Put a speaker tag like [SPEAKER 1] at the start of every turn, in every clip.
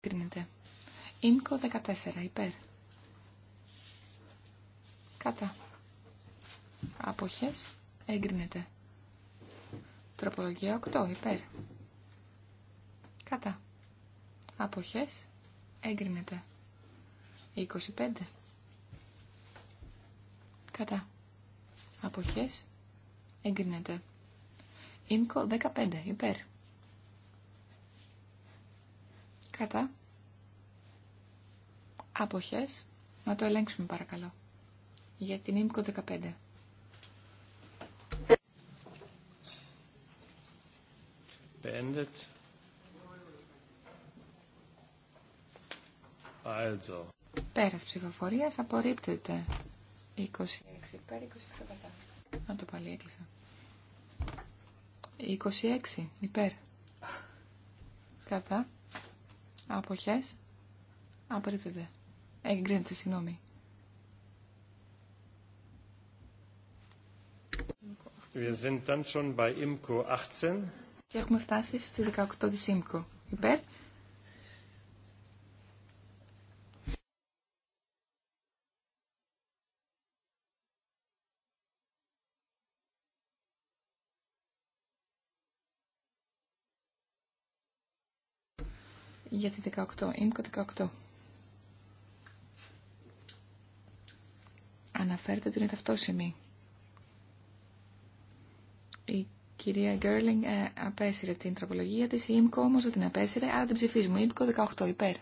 [SPEAKER 1] Κρίνεται. Ήμκο 14 υπέρ. Κατά. Αποχές έγκρινεται. Τροπολογία 8 υπέρ. Κατά. Αποχές έγκρινεται. 25. Κατά. Αποχές έγκρινεται. Ήμκο 15 υπέρ. Κατά. Αποχές. Να το ελέγξουμε παρακαλώ. Για την ΙΜΚΟ 15.
[SPEAKER 2] Beendet. Also.
[SPEAKER 1] Πέρας ψηφοφορίας απορρίπτεται. 26 πέρα, 26 κατά. Να το πάλι έκλεισα. 26 υπέρ. Κατά. Αποχές. Απορρίπτεται. Εγκρίνεται, συγγνώμη.
[SPEAKER 2] Wir sind dann schon bei IMCO 18.
[SPEAKER 1] Και έχουμε φτάσει στις 18 της IMCO. Υπέρ. για τη 18, ΙΜΚΟ 18. Αναφέρεται ότι είναι ταυτόσημη. Η κυρία Γκέρλινγκ ε, απέσυρε την τροπολογία της, η ΙΜΚΟ όμως δεν την απέσυρε, άρα την ψηφίζουμε. ΙΜΚΟ 18, υπέρ.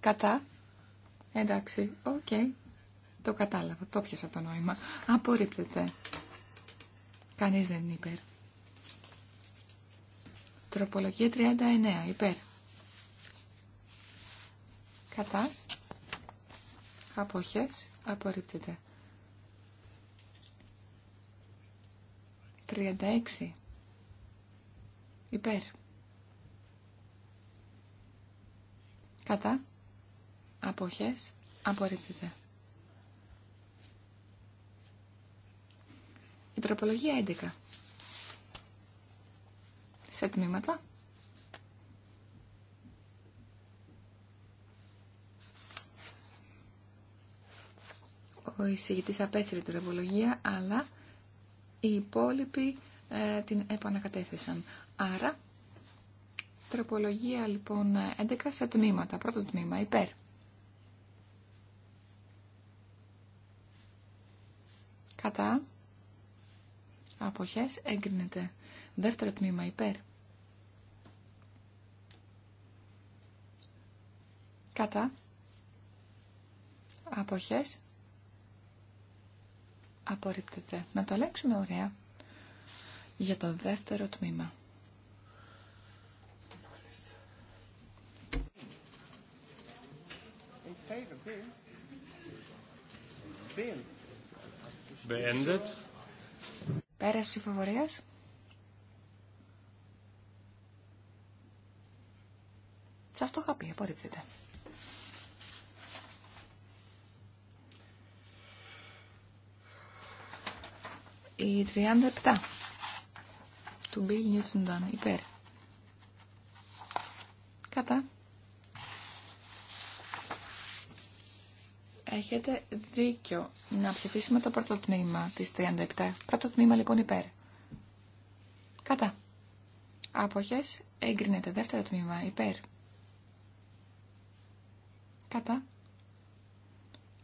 [SPEAKER 1] Κατά. Εντάξει, οκ. Το κατάλαβα, το πιασα το νόημα. Απορρίπτεται. Κανείς δεν είναι υπέρ. Τροπολογία 39, υπέρ. Κατά. Αποχές. Απορρίπτεται. 36. Υπέρ. Κατά. Αποχές. Απορρίπτεται. Η τροπολογία 11. Σε τμήματα. ο εισηγητής απέστειλε την τροπολογία, αλλά οι υπόλοιποι ε, την επανακατέθεσαν. Άρα, τροπολογία λοιπόν 11 σε τμήματα. Πρώτο τμήμα, υπέρ. Κατά. Αποχές έγκρινεται. Δεύτερο τμήμα, υπέρ. Κατά. Αποχές Απορρίπτεται. Να το αλλάξουμε ωραία για το δεύτερο τμήμα. Beendet. Πέρας ψηφοφορίας. Σε αυτό είχα πει, απορρίπτεται. Η 37 του Bill Newton υπέρ. Κατά. Έχετε δίκιο να ψηφίσουμε το πρώτο τμήμα της 37. Πρώτο τμήμα λοιπόν υπέρ. Κατά. Άποχες εγκρίνεται δεύτερο τμήμα υπέρ. Κατά.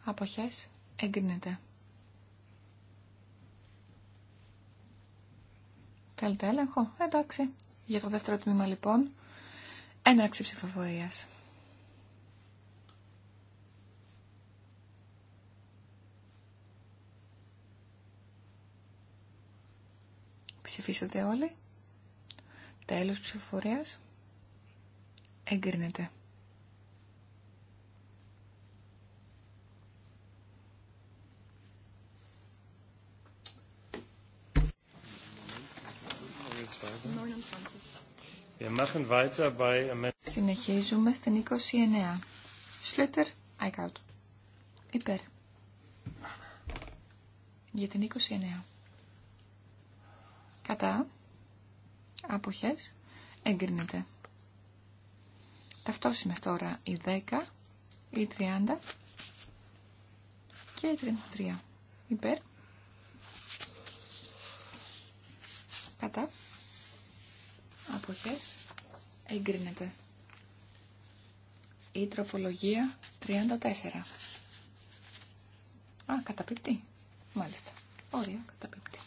[SPEAKER 1] Αποχές εγκρίνεται. Θέλετε έλεγχο. Εντάξει. Για το δεύτερο τμήμα λοιπόν. Έναρξη ψηφοφορία. Ψηφίσατε όλοι. Τέλος ψηφοφορίας. Εγκρίνεται. Συνεχίζουμε στην 29. Σλούτερ, Άικαουτ. Υπέρ. Για την 29. Κατά. Αποχές. Εγκρίνεται. Ταυτόσιμες τώρα η 10, η 30 και η 33. Υπέρ. Κατά αποχές εγκρίνεται. Η τροπολογία 34. Α, καταπληκτή. Μάλιστα. Ωραία, καταπληκτή.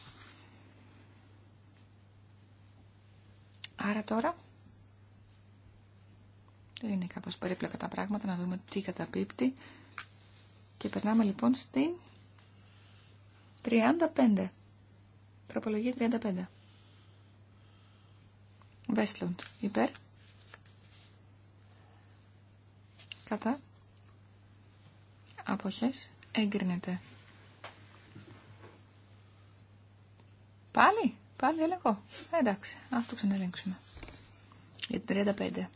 [SPEAKER 1] Άρα τώρα είναι κάπως περίπλοκα τα πράγματα να δούμε τι καταπίπτει και περνάμε λοιπόν στην 35 τροπολογία 35 Βέσλοντ υπέρ. Κατά. Αποχές εγκρίνεται. Πάλι, πάλι έλεγχο. Εντάξει, ας το ξαναλέγξουμε. Για την 35.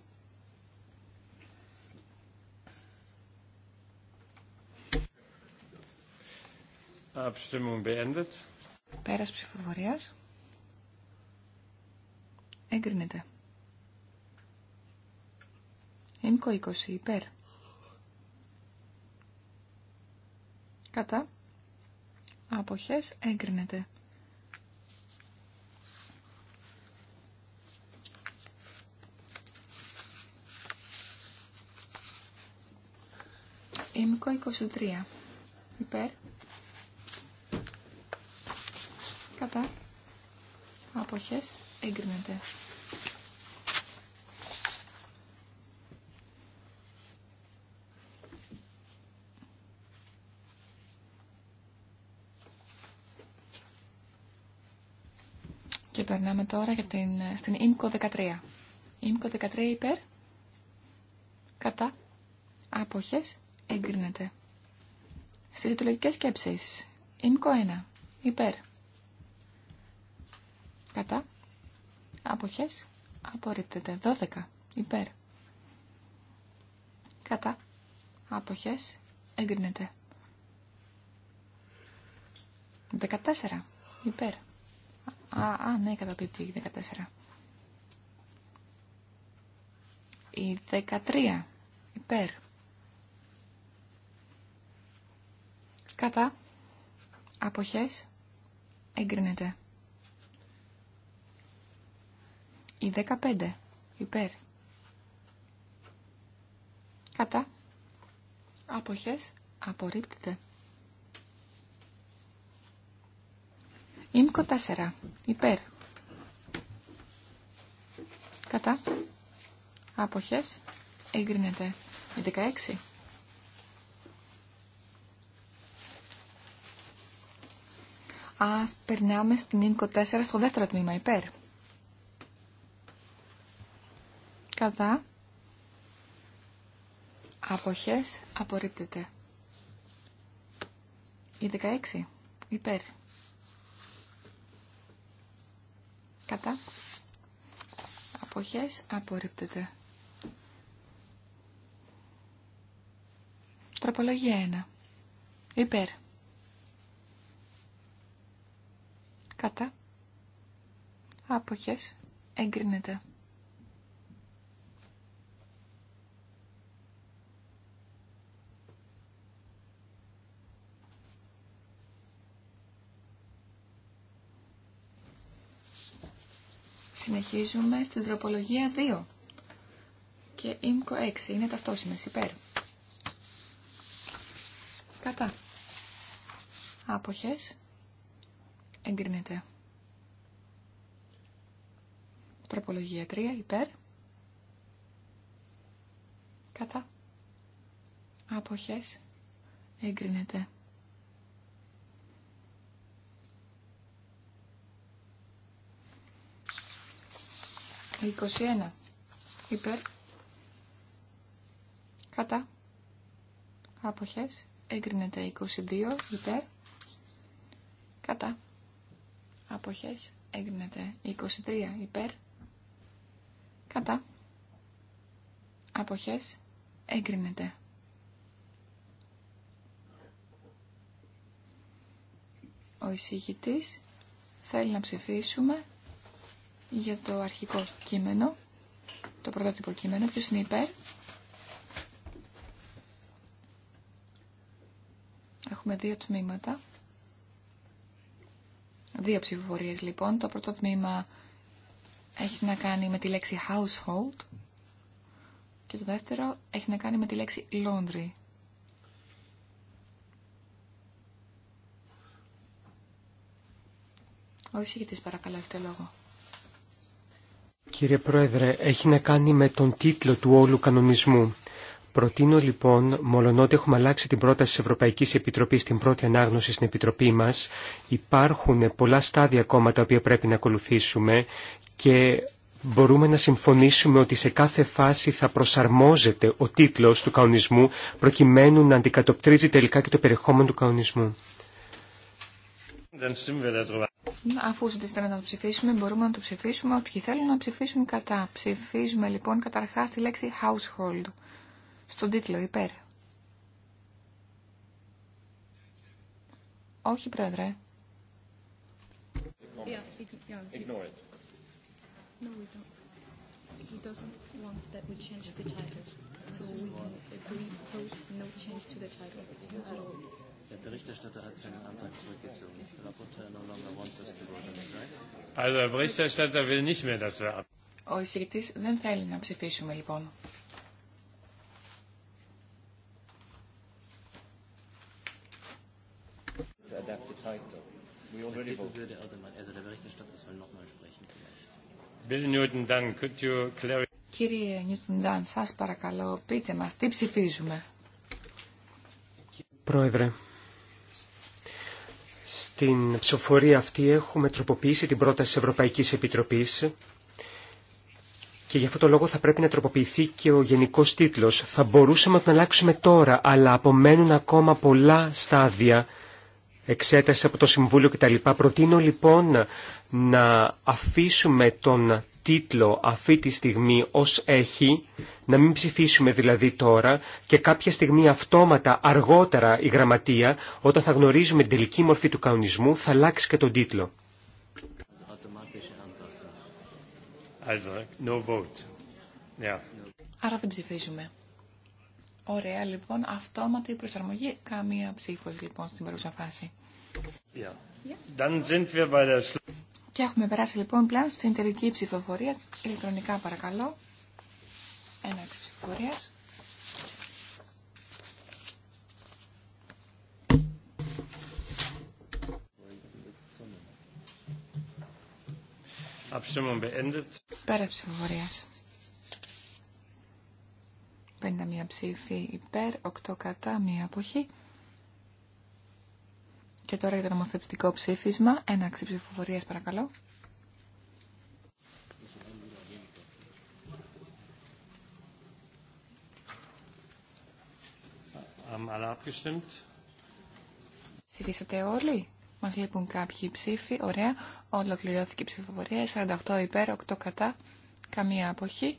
[SPEAKER 2] Abstimmung beendet.
[SPEAKER 1] Πέρας ψηφοφορίας. Εγκρίνεται. Εμικο 20 υπέρ. Κατά. Αποχές εγκρίνεται. Εμικο 23 υπέρ. Κατά. Αποχές Εγκρίνεται. Και περνάμε τώρα για την, στην ΙΜΚΟ 13. ΙΜΚΟ 13 υπέρ, κατά, άποχες, εγκρίνεται. Στις ιτολογικές σκέψεις, ΙΜΚΟ 1, υπέρ, κατά, Αποχές. Απορρίπτεται. 12. Υπέρ. Κατά. Αποχές. Εγκρίνεται. 14. Υπέρ. Α, α ναι, καταπίπτει 14. Η 13. Υπέρ. Κατά. Αποχές. Εγκρίνεται. Η 15. Υπέρ. Κατά. Αποχές. Απορρίπτεται. Ήμκο 4. Υπέρ. Κατά. Αποχές. Εγκρίνεται. Η 16. Ας περνάμε στην Ίμκο 4 στο δεύτερο τμήμα, υπέρ. Κατά. Αποχές απορρίπτεται. Η 16. Υπέρ. Κατά. Αποχές απορρίπτεται. Τροπολογία 1. Υπέρ. Κατά. Άποχες. Εγκρίνεται. Συνεχίζουμε στην τροπολογία 2 και ΙΜΚΟ 6. Είναι ταυτόσημες υπέρ. Κατά. Άποχες. Εγκρίνεται. Τροπολογία 3 υπέρ. Κατά. Άποχες. Εγκρίνεται. 21 υπέρ κατά αποχές εγκρίνεται 22 υπέρ κατά αποχές εγκρίνεται 23 υπέρ κατά αποχές εγκρίνεται ο εισηγητής θέλει να ψηφίσουμε για το αρχικό κείμενο, το πρωτότυπο κείμενο. Ποιος είναι υπέρ. Έχουμε δύο τμήματα. Δύο ψηφοφορίες λοιπόν. Το πρώτο τμήμα έχει να κάνει με τη λέξη household και το δεύτερο έχει να κάνει με τη λέξη laundry. Ο σας παρακαλώ, το λόγο.
[SPEAKER 3] Κύριε Πρόεδρε, έχει να κάνει με τον τίτλο του όλου κανονισμού. Προτείνω λοιπόν, μολονότι έχουμε αλλάξει την πρόταση της Ευρωπαϊκής Επιτροπής στην πρώτη ανάγνωση στην Επιτροπή μας, υπάρχουν πολλά στάδια ακόμα τα οποία πρέπει να ακολουθήσουμε και μπορούμε να συμφωνήσουμε ότι σε κάθε φάση θα προσαρμόζεται ο τίτλος του κανονισμού προκειμένου να αντικατοπτρίζει τελικά και το περιεχόμενο του κανονισμού.
[SPEAKER 1] Αφού ζητήσετε να το ψηφίσουμε, μπορούμε να το ψηφίσουμε. Όποιοι θέλουν να ψηφίσουν κατά. Ψηφίζουμε λοιπόν καταρχά τη λέξη household. Στον τίτλο υπέρ. Όχι, πρόεδρε.
[SPEAKER 2] Der Berichterstatter hat seinen Antrag zurückgezogen. Der Rapporteur no longer wants us to vote on it, right? Also, der Berichterstatter will nicht mehr, dass wir ab.
[SPEAKER 1] Ο εισηγητής δεν θέλει να ψηφίσουμε λοιπόν. Κύριε Νιούτον Ντάν, σας παρακαλώ, πείτε μας τι ψηφίζουμε.
[SPEAKER 3] Πρόεδρε, στην ψηφοφορία αυτή έχουμε τροποποιήσει την πρόταση της Ευρωπαϊκής Επιτροπής και γι' αυτό το λόγο θα πρέπει να τροποποιηθεί και ο γενικός τίτλος. Θα μπορούσαμε να τον αλλάξουμε τώρα, αλλά απομένουν ακόμα πολλά στάδια εξέταση από το Συμβούλιο κτλ. Προτείνω λοιπόν να αφήσουμε τον τίτλο αυτή τη στιγμή ως έχει, να μην ψηφίσουμε δηλαδή τώρα και κάποια στιγμή αυτόματα αργότερα η γραμματεία, όταν θα γνωρίζουμε την τελική μορφή του κανονισμού, θα αλλάξει και τον τίτλο.
[SPEAKER 1] Άρα δεν ψηφίζουμε. Ωραία, λοιπόν, αυτόματη προσαρμογή, καμία ψήφος λοιπόν στην παρούσα φάση.
[SPEAKER 2] Yeah. Yes. Dann sind wir bei der...
[SPEAKER 1] Και έχουμε περάσει λοιπόν πλέον στην τελική ψηφοφορία. Ηλεκτρονικά παρακαλώ. παρακαλώ. ψηφοφορία. Πέρα ψηφοφορία. 51 ψήφοι υπέρ, 8 κατά, 1 αποχή. Και τώρα για το νομοθετικό ψήφισμα, έναξη ψηφοφορία, παρακαλώ. Ψηφίσατε όλοι. Μα λείπουν κάποιοι ψήφοι. Ωραία. Ολοκληρώθηκε η ψηφοφορία. 48 υπέρ, 8 κατά. Καμία αποχή.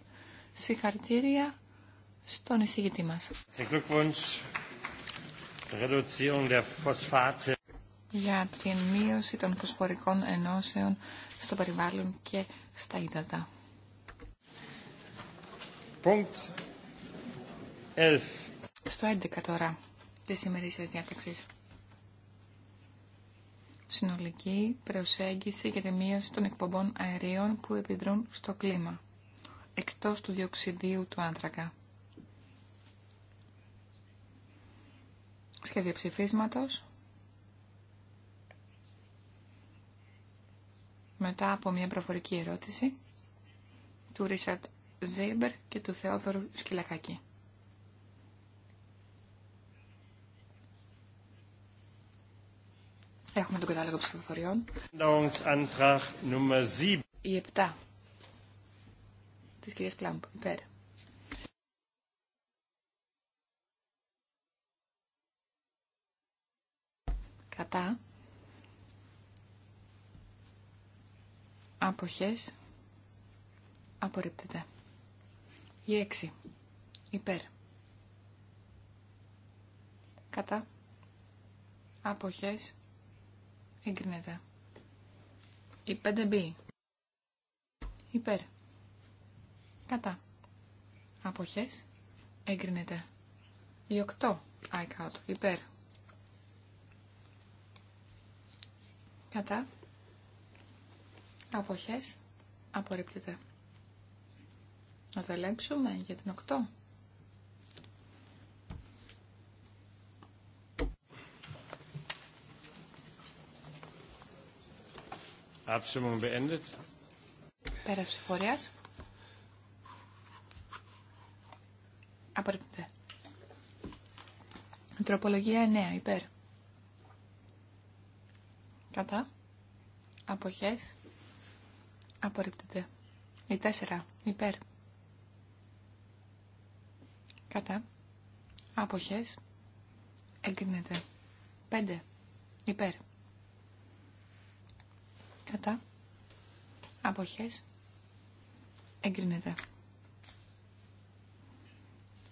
[SPEAKER 1] Συγχαρητήρια στον εισηγητή μας για την μείωση των φωσφορικών ενώσεων στο περιβάλλον και στα ύδατα. Στο 11 τώρα τη ημερήσια διάταξης. Συνολική προσέγγιση για τη μείωση των εκπομπών αερίων που επιδρούν στο κλίμα, εκτός του διοξιδίου του άνθρακα. Σχέδιο ψηφίσματος μετά από μια προφορική ερώτηση του Ρίσαρτ Ζέιμπερ και του Θεόδωρου Σκυλακάκη. Έχουμε τον κατάλογο ψηφοφοριών. Η 7 της κυρίας Πλάμπ, υπέρ. Κατά. Αποχές. Απορρίπτεται. Η 6. Υπέρ. Κατά. Αποχές. Εγκρίνεται. Η 5B. Υπέρ. Κατά. Αποχές. Εγκρίνεται. Η 8. Άικαουτ. Υπέρ. Κατά. Αποχές. Απορρίπτεται. Να το ελέγξουμε για την 8.
[SPEAKER 2] Abstimmung beendet.
[SPEAKER 1] Πέρα ψηφορίας. Απορρίπτεται. Τροπολογία 9. Υπέρ. Κατά. Αποχές. Απορρίπτεται. Η τέσσερα. Υπέρ. Κατά. Αποχές. Εγκρίνεται. Πέντε. Υπέρ. Κατά. Αποχές. Εγκρίνεται.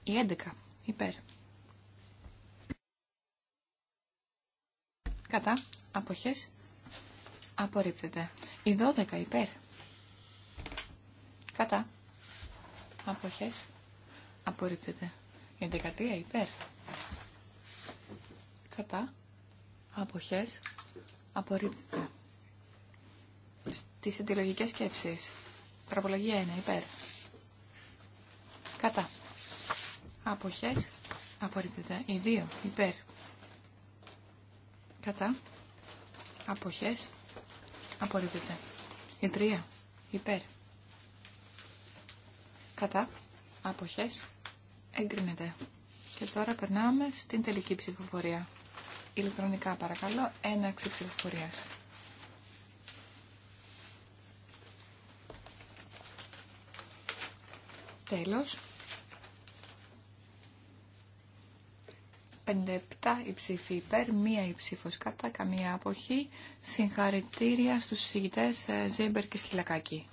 [SPEAKER 1] Η έντεκα. Υπέρ. Κατά. Αποχές. Απορρίπτεται. Η δώδεκα. Υπέρ. Κατά. Αποχές. Απορρίπτεται. Η 13 υπέρ. Κατά. Αποχές. Απορρίπτεται. Στις αντιλογικές σκέψεις. Τραπολογία 1 υπέρ. Κατά. Αποχές. Απορρίπτεται. Η δύο υπέρ. Κατά. Αποχές. Απορρίπτεται. Η 3 υπέρ κατά, αποχές, εγκρίνεται. Και τώρα περνάμε στην τελική ψηφοφορία. Ηλεκτρονικά παρακαλώ, έναξη ψηφοφορίας. Τέλος. 57 η ψήφη υπέρ, μία η κατά, καμία αποχή. Συγχαρητήρια στους συζητητές ε, Ζέμπερ και Σκυλακάκη.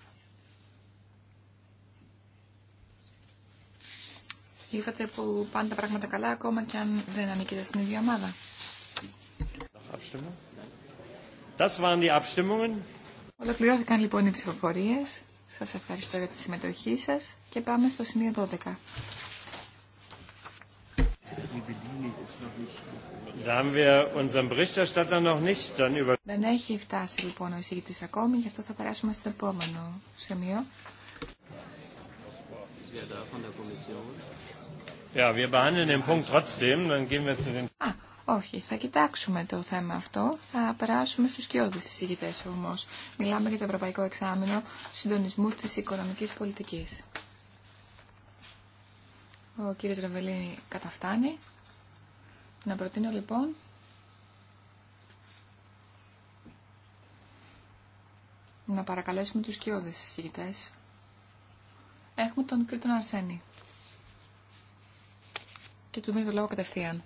[SPEAKER 1] είδατε που πάνε τα πράγματα καλά ακόμα και αν δεν ανήκετε στην ίδια ομάδα. Ολοκληρώθηκαν λοιπόν οι ψηφοφορίε. Σα ευχαριστώ για τη συμμετοχή σα και πάμε στο σημείο 12. Δεν έχει φτάσει λοιπόν ο εισηγητή ακόμη, γι' αυτό θα περάσουμε στο επόμενο σημείο. Ah. όχι, θα κοιτάξουμε το θέμα αυτό. Θα περάσουμε στους κοιόδη συζητητές όμως. Μιλάμε για το Ευρωπαϊκό Εξάμεινο Συντονισμού της Οικονομικής Πολιτικής. Ο κύριος Ρεβελίνη καταφτάνει. Να προτείνω λοιπόν να παρακαλέσουμε τους κοιόδης συζητητές. Έχουμε τον Κρήτον Αρσένη και του δίνω το λόγο κατευθείαν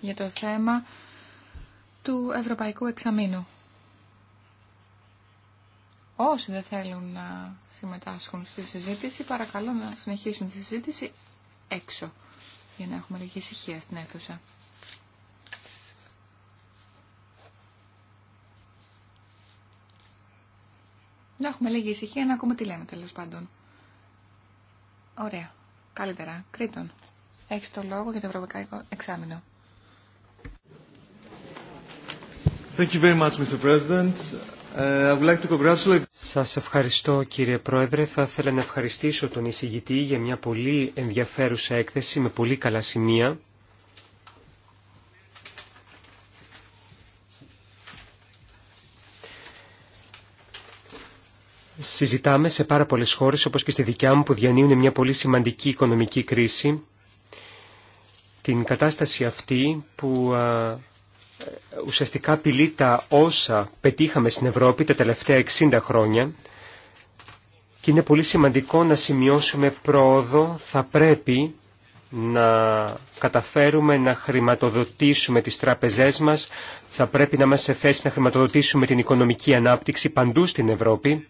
[SPEAKER 1] για το θέμα του Ευρωπαϊκού Εξαμήνου. Όσοι δεν θέλουν να συμμετάσχουν στη συζήτηση, παρακαλώ να συνεχίσουν τη συζήτηση έξω, για να έχουμε λίγη ησυχία στην αίθουσα. Να έχουμε λίγη ησυχία να ακούμε τι λέμε τέλος πάντων. Ωραία. Καλύτερα. Κρήτον. Έχει το λόγο για το Ευρωπαϊκό Εξάμεινο.
[SPEAKER 3] Thank you very much, Mr. President. Uh, Σας ευχαριστώ κύριε Πρόεδρε. Θα ήθελα να ευχαριστήσω τον εισηγητή για μια πολύ ενδιαφέρουσα έκθεση με πολύ καλά σημεία. Συζητάμε σε πάρα πολλές χώρες όπως και στη δικιά μου που διανύουν μια πολύ σημαντική οικονομική κρίση την κατάσταση αυτή που ουσιαστικά απειλεί τα όσα πετύχαμε στην Ευρώπη τα τελευταία 60 χρόνια και είναι πολύ σημαντικό να σημειώσουμε πρόοδο, θα πρέπει να καταφέρουμε να χρηματοδοτήσουμε τις τράπεζές μας, θα πρέπει να είμαστε σε θέση να χρηματοδοτήσουμε την οικονομική ανάπτυξη παντού στην Ευρώπη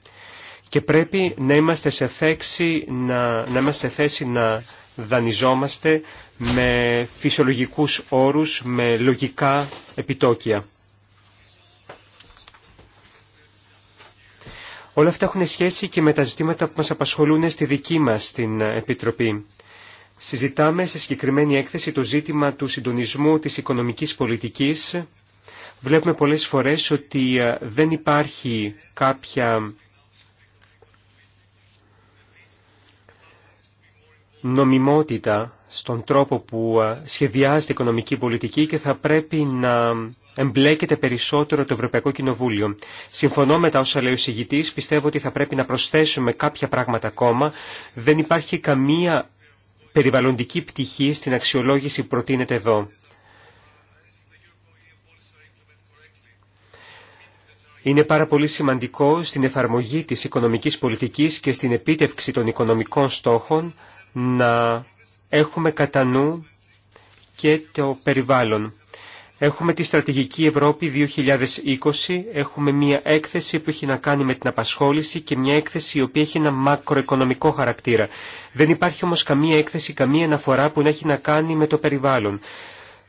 [SPEAKER 3] και πρέπει να είμαστε σε θέση να, να, είμαστε σε θέση να δανειζόμαστε με φυσιολογικούς όρους, με λογικά επιτόκια. Όλα αυτά έχουν σχέση και με τα ζητήματα που μας απασχολούν στη δική μας την Επιτροπή. Συζητάμε σε συγκεκριμένη έκθεση το ζήτημα του συντονισμού της οικονομικής πολιτικής. Βλέπουμε πολλές φορές ότι ε, δεν υπάρχει κάποια νομιμότητα στον τρόπο που σχεδιάζεται η οικονομική πολιτική και θα πρέπει να εμπλέκεται περισσότερο το Ευρωπαϊκό Κοινοβούλιο. Συμφωνώ με τα όσα λέει ο συγητής, πιστεύω ότι θα πρέπει να προσθέσουμε κάποια πράγματα ακόμα. Δεν υπάρχει καμία περιβαλλοντική πτυχή στην αξιολόγηση που προτείνεται εδώ. Είναι πάρα πολύ σημαντικό στην εφαρμογή της οικονομικής πολιτικής και στην επίτευξη των οικονομικών στόχων να έχουμε κατά νου και το περιβάλλον. Έχουμε τη στρατηγική Ευρώπη 2020, έχουμε μια έκθεση που έχει να κάνει με την απασχόληση και μια έκθεση η οποία έχει ένα μακροοικονομικό χαρακτήρα. Δεν υπάρχει όμως καμία έκθεση, καμία αναφορά που να έχει να κάνει με το περιβάλλον.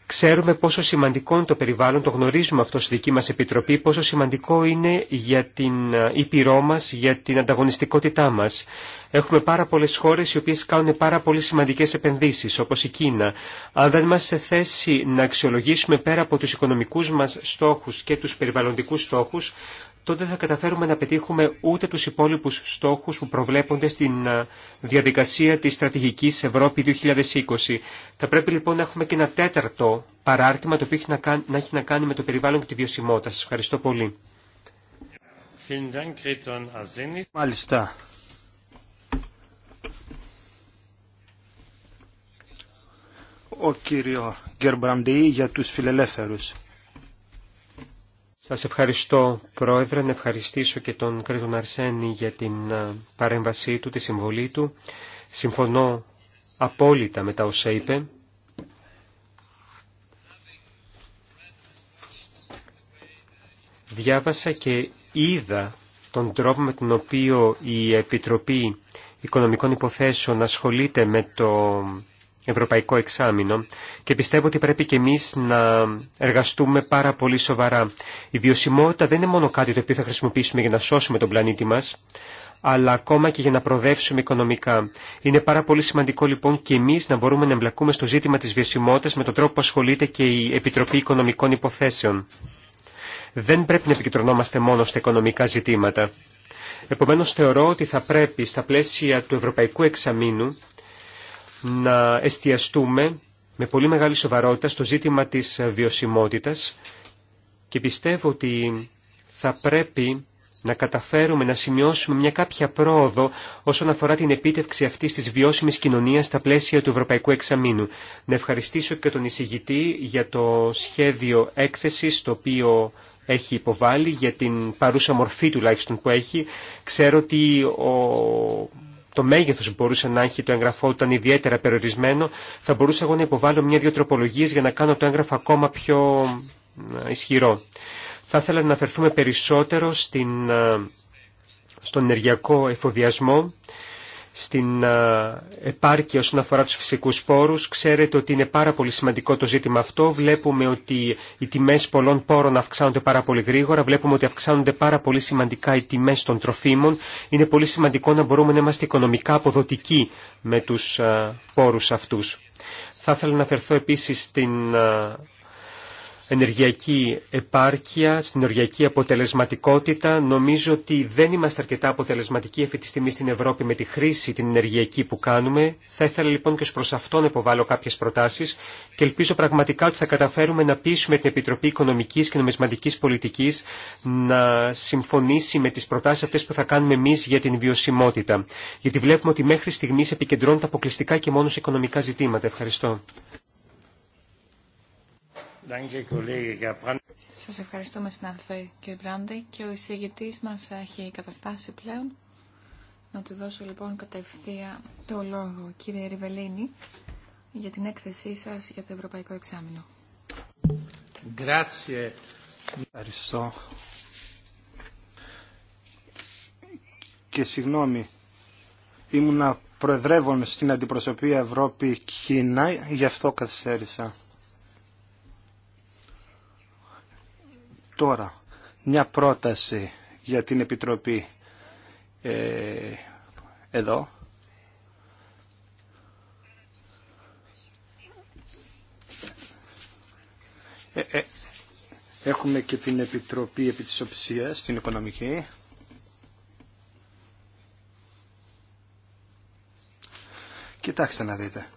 [SPEAKER 3] Ξέρουμε πόσο σημαντικό είναι το περιβάλλον, το γνωρίζουμε αυτό στη δική μας Επιτροπή, πόσο σημαντικό είναι για την ε, ήπειρό μας, για την ανταγωνιστικότητά μας. Έχουμε πάρα πολλές χώρες οι οποίες κάνουν πάρα πολύ σημαντικές επενδύσεις, όπως η Κίνα. Αν δεν είμαστε σε θέση να αξιολογήσουμε πέρα από τους οικονομικούς μας στόχους και τους περιβαλλοντικούς στόχους, τότε θα καταφέρουμε να πετύχουμε ούτε τους υπόλοιπους στόχους που προβλέπονται στην ε, διαδικασία της στρατηγικής Ευρώπη 2020. Θα πρέπει λοιπόν να έχουμε και ένα τέταρτο παράρτημα το οποίο έχει να κάνει με το περιβάλλον και τη βιωσιμότητα. Σας ευχαριστώ πολύ. Μάλιστα.
[SPEAKER 4] Ο κύριο Γκερμπραντή για τους φιλελεύθερους.
[SPEAKER 3] Σας ευχαριστώ, Πρόεδρε, να ευχαριστήσω και τον Κρήτον Αρσένη για την παρέμβασή του, τη συμβολή του. Συμφωνώ απόλυτα με τα όσα είπε. Διάβασα και είδα τον τρόπο με τον οποίο η Επιτροπή Οικονομικών Υποθέσεων ασχολείται με το Ευρωπαϊκό Εξάμεινο και πιστεύω ότι πρέπει και εμείς να εργαστούμε πάρα πολύ σοβαρά. Η βιωσιμότητα δεν είναι μόνο κάτι το οποίο θα χρησιμοποιήσουμε για να σώσουμε τον πλανήτη μας, αλλά ακόμα και για να προδεύσουμε οικονομικά. Είναι πάρα πολύ σημαντικό λοιπόν και εμείς να μπορούμε να εμπλακούμε στο ζήτημα της βιωσιμότητας με τον τρόπο που ασχολείται και η Επιτροπή Οικονομικών Υποθέσεων. Δεν πρέπει να επικεντρωνόμαστε μόνο στα οικονομικά ζητήματα. Επομένως θεωρώ ότι θα πρέπει στα πλαίσια του Ευρωπαϊκού Εξαμήνου να εστιαστούμε με πολύ μεγάλη σοβαρότητα στο ζήτημα της βιωσιμότητας και πιστεύω ότι θα πρέπει να καταφέρουμε να σημειώσουμε μια κάποια πρόοδο όσον αφορά την επίτευξη αυτής της βιώσιμης κοινωνίας στα πλαίσια του Ευρωπαϊκού Εξαμήνου. Να ευχαριστήσω και τον εισηγητή για το σχέδιο έκθεσης το οποίο έχει υποβάλει, για την παρούσα μορφή τουλάχιστον που έχει. Ξέρω ότι ο το μέγεθο που μπορούσε να έχει το έγγραφό ήταν ιδιαίτερα περιορισμένο, θα μπορούσα εγώ να υποβάλω μια-δυο τροπολογίε για να κάνω το έγγραφο ακόμα πιο ε, ισχυρό. Θα ήθελα να αναφερθούμε περισσότερο στην, ε, στον ενεργειακό εφοδιασμό στην επάρκεια όσον αφορά τους φυσικούς πόρους. Ξέρετε ότι είναι πάρα πολύ σημαντικό το ζήτημα αυτό. Βλέπουμε ότι οι τιμές πολλών πόρων αυξάνονται πάρα πολύ γρήγορα. Βλέπουμε ότι αυξάνονται πάρα πολύ σημαντικά οι τιμές των τροφίμων. Είναι πολύ σημαντικό να μπορούμε να είμαστε οικονομικά αποδοτικοί με τους πόρους αυτούς. Θα ήθελα να αφαιρθώ επίσης στην ενεργειακή επάρκεια, συνεργειακή ενεργειακή αποτελεσματικότητα. Νομίζω ότι δεν είμαστε αρκετά αποτελεσματικοί αυτή τη στιγμή στην Ευρώπη με τη χρήση την ενεργειακή που κάνουμε. Θα ήθελα λοιπόν και ως προς αυτό να υποβάλω κάποιες προτάσεις και ελπίζω πραγματικά ότι θα καταφέρουμε να πείσουμε την Επιτροπή Οικονομικής και Νομισματικής Πολιτικής να συμφωνήσει με τις προτάσεις αυτές που θα κάνουμε εμείς για την βιωσιμότητα. Γιατί βλέπουμε ότι μέχρι στιγμής επικεντρώνεται αποκλειστικά και μόνο σε οικονομικά ζητήματα. Ευχαριστώ.
[SPEAKER 1] Σας ευχαριστούμε συνάδελφε κύριε Μπράντε και ο εισηγητής μας έχει καταφτάσει πλέον. Να του δώσω λοιπόν κατευθείαν το λόγο κύριε Ριβελίνη για την έκθεσή σας για το Ευρωπαϊκό Εξάμεινο.
[SPEAKER 4] Ευχαριστώ. Και συγγνώμη, ήμουνα προεδρεύων στην αντιπροσωπεία Ευρώπη-Κίνα, γι' αυτό καθυστέρησα. Τώρα, μια πρόταση για την Επιτροπή ε, εδώ. Ε, ε, έχουμε και την Επιτροπή επί της Οψίας, στην Οικονομική. Κοιτάξτε να δείτε.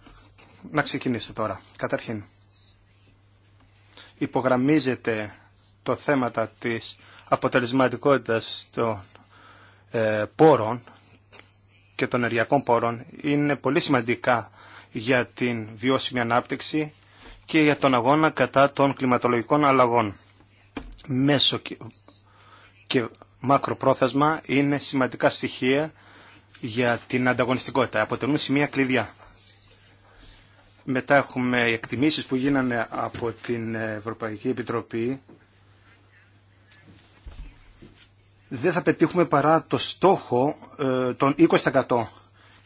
[SPEAKER 4] Να ξεκινήσω τώρα. Καταρχήν, υπογραμμίζεται το θέμα της αποτελεσματικότητας των ε, πόρων και των ενεργειακών πόρων είναι πολύ σημαντικά για την βιώσιμη ανάπτυξη και για τον αγώνα κατά των κλιματολογικών αλλαγών. Μέσο και, και μακροπρόθεσμα είναι σημαντικά στοιχεία για την ανταγωνιστικότητα. Αποτελούν σημεία κλειδιά. Μετά έχουμε εκτιμήσεις που γίνανε από την Ευρωπαϊκή Επιτροπή δεν θα πετύχουμε παρά το στόχο ε, των 20%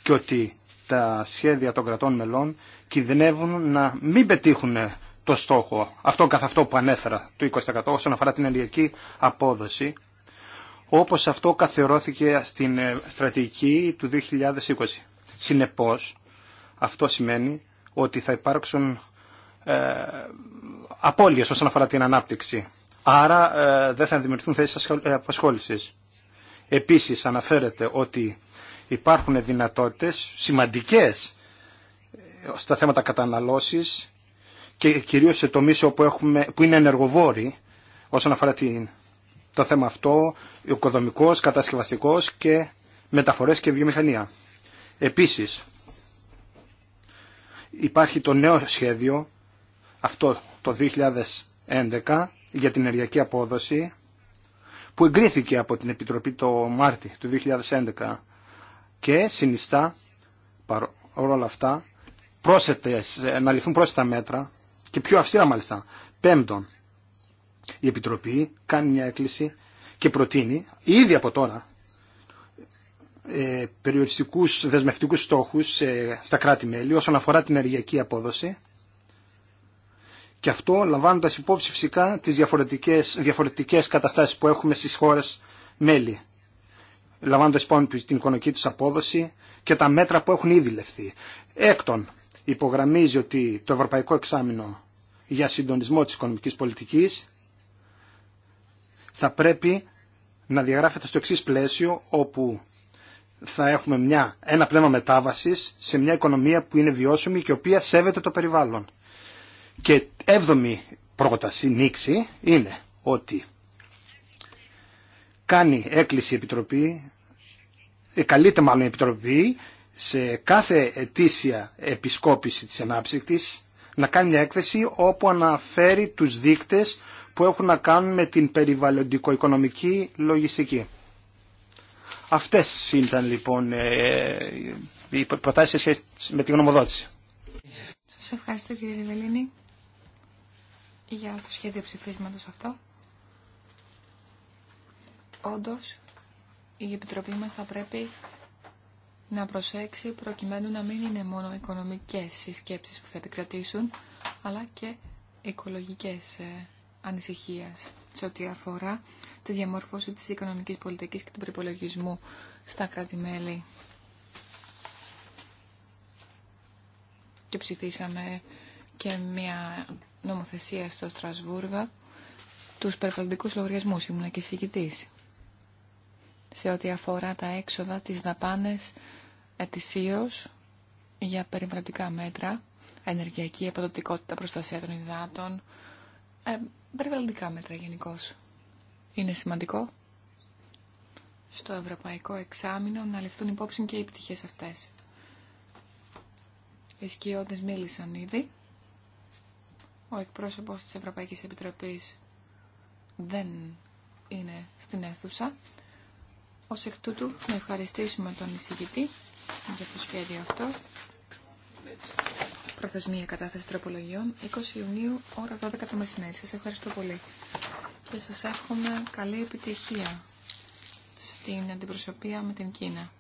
[SPEAKER 4] και ότι τα σχέδια των κρατών μελών κινδυνεύουν να μην πετύχουν το στόχο, αυτό καθ' αυτό που ανέφερα, το 20% όσον αφορά την ενεργειακή απόδοση, όπως αυτό καθιερώθηκε στην ε, στρατηγική του 2020. Συνεπώς, αυτό σημαίνει ότι θα υπάρξουν ε, απώλειες όσον αφορά την ανάπτυξη άρα ε, δεν θα δημιουργηθούν θέσεις ε, απασχόλησης. Επίσης αναφέρεται ότι υπάρχουν δυνατότητες σημαντικές ε, στα θέματα καταναλώση και κυρίως σε τομείς όπου έχουμε, που είναι ενεργοβόροι όσον αφορά το θέμα αυτό, οικοδομικός, κατασκευαστικός και μεταφορές και βιομηχανία. Επίσης, υπάρχει το νέο σχέδιο, αυτό το 2011, για την ενεργειακή απόδοση που εγκρίθηκε από την Επιτροπή το Μάρτι του 2011 και συνιστά όλα αυτά πρόσθετες, να ληφθούν πρόσθετα μέτρα και πιο αυστηρά μάλιστα. Πέμπτον, η Επιτροπή κάνει μια έκκληση και προτείνει ήδη από τώρα ε, περιοριστικούς δεσμευτικούς στόχους ε, στα κράτη-μέλη όσον αφορά την ενεργειακή απόδοση και αυτό λαμβάνοντα υπόψη φυσικά τι διαφορετικέ διαφορετικές καταστάσει που έχουμε στι χώρε μέλη. Λαμβάνοντα υπόψη την οικονομική του απόδοση και τα μέτρα που έχουν ήδη Έκτον, υπογραμμίζει ότι το Ευρωπαϊκό Εξάμεινο για συντονισμό τη οικονομική πολιτική θα πρέπει να διαγράφεται στο εξή πλαίσιο όπου θα έχουμε μια, ένα πνεύμα μετάβαση σε μια οικονομία που είναι βιώσιμη και η οποία σέβεται το περιβάλλον. Και έβδομη πρόταση, νήξη, είναι ότι κάνει έκκληση η Επιτροπή, ε, καλείται μάλλον Επιτροπή, σε κάθε ετήσια επισκόπηση της ανάψυκτης να κάνει μια έκθεση όπου αναφέρει τους δείκτες που έχουν να κάνουν με την περιβαλλοντικο-οικονομική λογιστική. Αυτές ήταν λοιπόν ε, οι προτάσεις με την γνωμοδότηση.
[SPEAKER 1] Σας ευχαριστώ κύριε Λιβελίνη για το σχέδιο ψηφίσματο αυτό. όντω, η Επιτροπή μας θα πρέπει να προσέξει προκειμένου να μην είναι μόνο οικονομικές οι σκέψει που θα επικρατήσουν, αλλά και οικολογικές ε, ανησυχίε σε ό,τι αφορά τη διαμόρφωση της οικονομικής πολιτικής και του προπολογισμού στα κράτη-μέλη. Και ψηφίσαμε και μια νομοθεσία στο Στρασβούργα τους περιβαλλοντικούς λογαριασμούς. Ήμουν και συγκητής σε ό,τι αφορά τα έξοδα, τις δαπάνες ετησίως για περιβαλλοντικά μέτρα, ενεργειακή αποδοτικότητα, προστασία των υδάτων, ε, περιβαλλοντικά μέτρα γενικώ. Είναι σημαντικό στο ευρωπαϊκό εξάμεινο να ληφθούν υπόψη και οι πτυχές αυτές. Οι σκιώτες μίλησαν ήδη ο εκπρόσωπος της Ευρωπαϊκής Επιτροπής δεν είναι στην αίθουσα. Ως εκ τούτου να ευχαριστήσουμε τον εισηγητή για το σχέδιο αυτό. Προθεσμία κατάθεση τροπολογιών 20 Ιουνίου ώρα 12 το μεσημέρι. Σας ευχαριστώ πολύ και σας εύχομαι καλή επιτυχία στην αντιπροσωπεία με την Κίνα.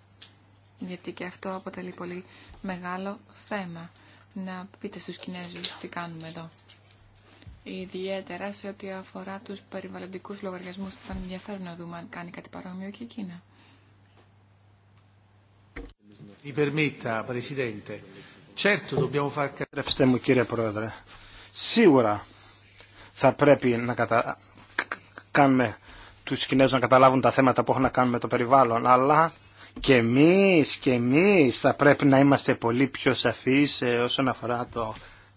[SPEAKER 1] Γιατί και αυτό αποτελεί πολύ μεγάλο θέμα να πείτε στους Κινέζους τι κάνουμε εδώ ιδιαίτερα σε ό,τι αφορά τους περιβαλλοντικούς λογαριασμούς. Θα ήταν ενδιαφέρον να δούμε αν κάνει κάτι παρόμοιο και η Κίνα.
[SPEAKER 4] μου κύριε Πρόεδρε, σίγουρα θα πρέπει να κατα... κάνουμε τους Κινέζους να καταλάβουν τα θέματα που έχουν να κάνουν με το περιβάλλον, αλλά και εμείς, και εμείς θα πρέπει να είμαστε πολύ πιο σαφείς ε, όσον αφορά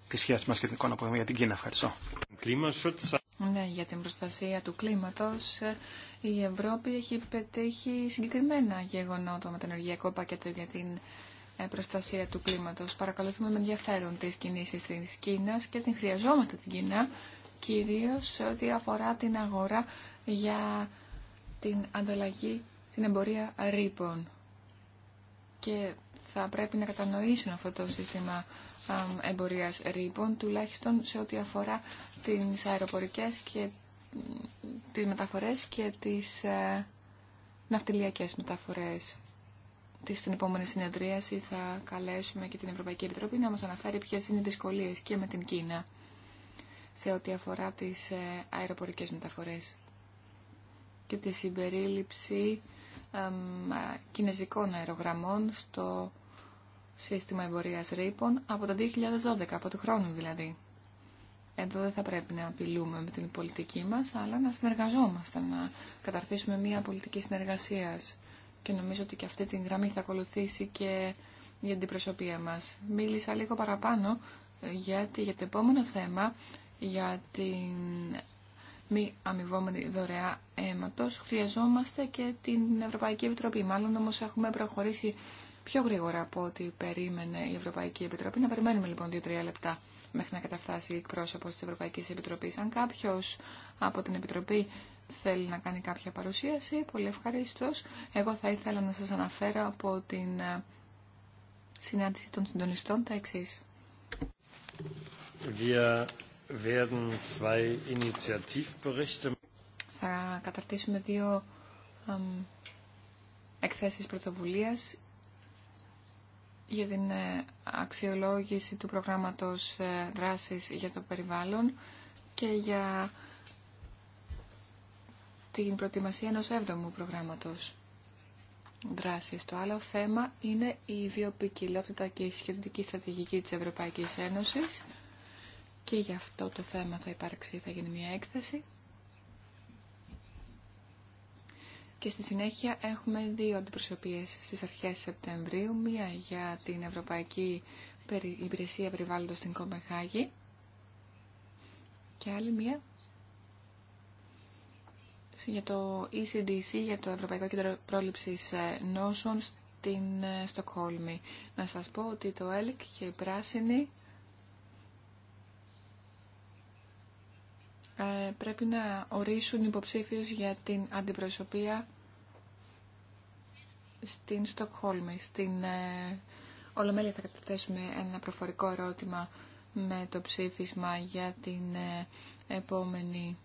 [SPEAKER 4] τη σχέση μας και την εικόνα που για την Κίνα. Ευχαριστώ.
[SPEAKER 1] Ναι, για την προστασία του κλίματος ε, η Ευρώπη έχει πετύχει συγκεκριμένα γεγονότα με το ενεργειακό πακέτο για την ε, προστασία του κλίματος. Παρακαλούμε με ενδιαφέρον τις κινήσεις της Κίνας και την χρειαζόμαστε την Κίνα κυρίως σε ό,τι αφορά την αγορά για την ανταλλαγή, την εμπορία ρήπων. Και θα πρέπει να κατανοήσουν αυτό το σύστημα εμπορίας ρήπων, τουλάχιστον σε ό,τι αφορά τις αεροπορικές και τις μεταφορές και τις ε, ναυτιλιακές μεταφορές. Στην επόμενη συνεδρίαση θα καλέσουμε και την Ευρωπαϊκή Επιτροπή να μας αναφέρει ποιες είναι οι δυσκολίες και με την Κίνα σε ό,τι αφορά τις ε, αεροπορικές μεταφορές και τη συμπερίληψη κινέζικων αερογραμμών στο σύστημα εμπορίας ρήπων από το 2012, από του χρόνου δηλαδή. Εδώ δεν θα πρέπει να απειλούμε με την πολιτική μας, αλλά να συνεργαζόμαστε, να καταρτήσουμε μια πολιτική συνεργασίας. Και νομίζω ότι και αυτή την γραμμή θα ακολουθήσει και την αντιπροσωπεία μας. Μίλησα λίγο παραπάνω ε, γιατί για το επόμενο θέμα, για την μη αμοιβόμενη δωρεά αίματος, χρειαζόμαστε και την Ευρωπαϊκή Επιτροπή. Μάλλον όμως έχουμε προχωρήσει πιο γρήγορα από ό,τι περίμενε η Ευρωπαϊκή Επιτροπή. Να περιμένουμε λοιπόν, δύο 2-3 λεπτά μέχρι να καταφτάσει η εκπρόσωπο της ευρωπαϊκή επιτροπή Αν κάποιος από την Επιτροπή θέλει να κάνει κάποια παρουσίαση, πολύ ευχαριστώ. Εγώ θα ήθελα να σας αναφέρω από την ε, συνάντηση των συντονιστών τα εξή. Θα καταρτήσουμε δύο εκθέσεις πρωτοβουλίας για την ε, αξιολόγηση του προγράμματος ε, δράσης για το περιβάλλον και για την προετοιμασία ενός έβδομου προγράμματος δράσης. Το άλλο θέμα είναι η βιοποικιλότητα και η σχετική στρατηγική της Ευρωπαϊκής Ένωσης και για αυτό το θέμα θα υπάρξει, θα γίνει μια έκθεση. Και στη συνέχεια έχουμε δύο αντιπροσωπείες στις αρχές Σεπτεμβρίου, μία για την Ευρωπαϊκή Υπηρεσία Περιβάλλοντος στην Κομπεχάγη και άλλη μία για το ECDC, για το Ευρωπαϊκό Κέντρο Πρόληψης ε, Νόσων στην ε, Στοκχόλμη. Να σας πω ότι το ΕΛΚ και η πράσινη... Ε, πρέπει να ορίσουν υποψήφιους για την αντιπροσωπεία στην Στοκχόλμη. Στην ε, Ολομέλεια θα καταθέσουμε ένα προφορικό ερώτημα με το ψήφισμα για την ε, επόμενη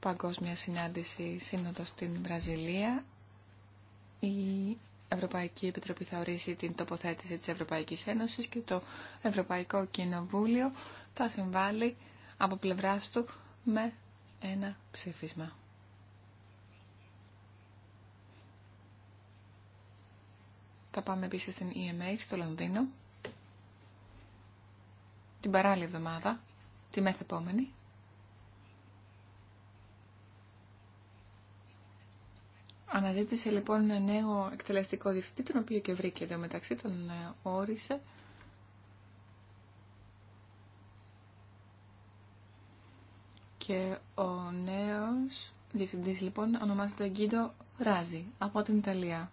[SPEAKER 1] παγκόσμια συνάντηση σύνοδο στην Βραζιλία. Η Ευρωπαϊκή Επιτροπή θα ορίσει την τοποθέτηση της Ευρωπαϊκής Ένωσης και το Ευρωπαϊκό Κοινοβούλιο θα συμβάλλει από πλευράς του με ένα ψήφισμα. Θα πάμε επίσης στην EMA στο Λονδίνο την παράλληλη εβδομάδα, τη μεθεπόμενη. Αναζήτησε λοιπόν ένα νέο εκτελεστικό διευθυντή, τον οποίο και βρήκε εδώ μεταξύ, τον ε, όρισε Και ο νέος διευθυντής λοιπόν ονομάζεται Γκίντο Ράζι από την Ιταλία.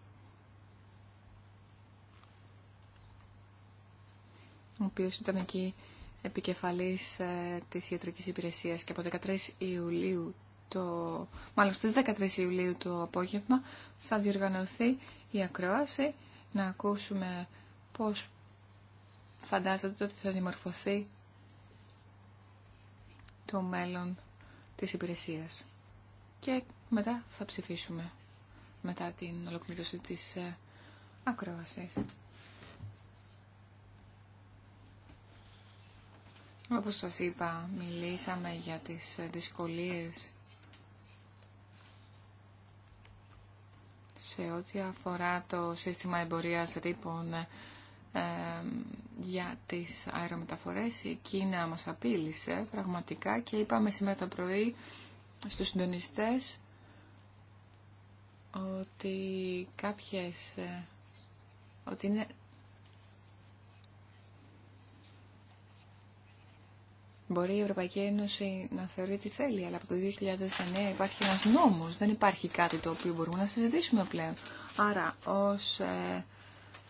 [SPEAKER 1] Ο οποίος ήταν εκεί επικεφαλής ε, της ιατρικής υπηρεσίας και από 13 Ιουλίου το, μάλλον στις 13 Ιουλίου το απόγευμα θα διοργανωθεί η ακρόαση να ακούσουμε πώς φαντάζεται ότι θα δημορφωθεί το μέλλον της υπηρεσίας. Και μετά θα ψηφίσουμε, μετά την ολοκλήρωση της ε, ακρόασης. Όπως σας είπα, μιλήσαμε για τις ε, δυσκολίες σε ό,τι αφορά το σύστημα εμπορίας τύπων ε, για τις αερομεταφορές. Η Κίνα μας απείλησε πραγματικά και είπαμε σήμερα το πρωί στους συντονιστές ότι κάποιες ε, ότι είναι Μπορεί η Ευρωπαϊκή Ένωση να θεωρεί ότι θέλει, αλλά από το 2009 υπάρχει ένας νόμος, δεν υπάρχει κάτι το οποίο μπορούμε να συζητήσουμε πλέον. Άρα, ως ε,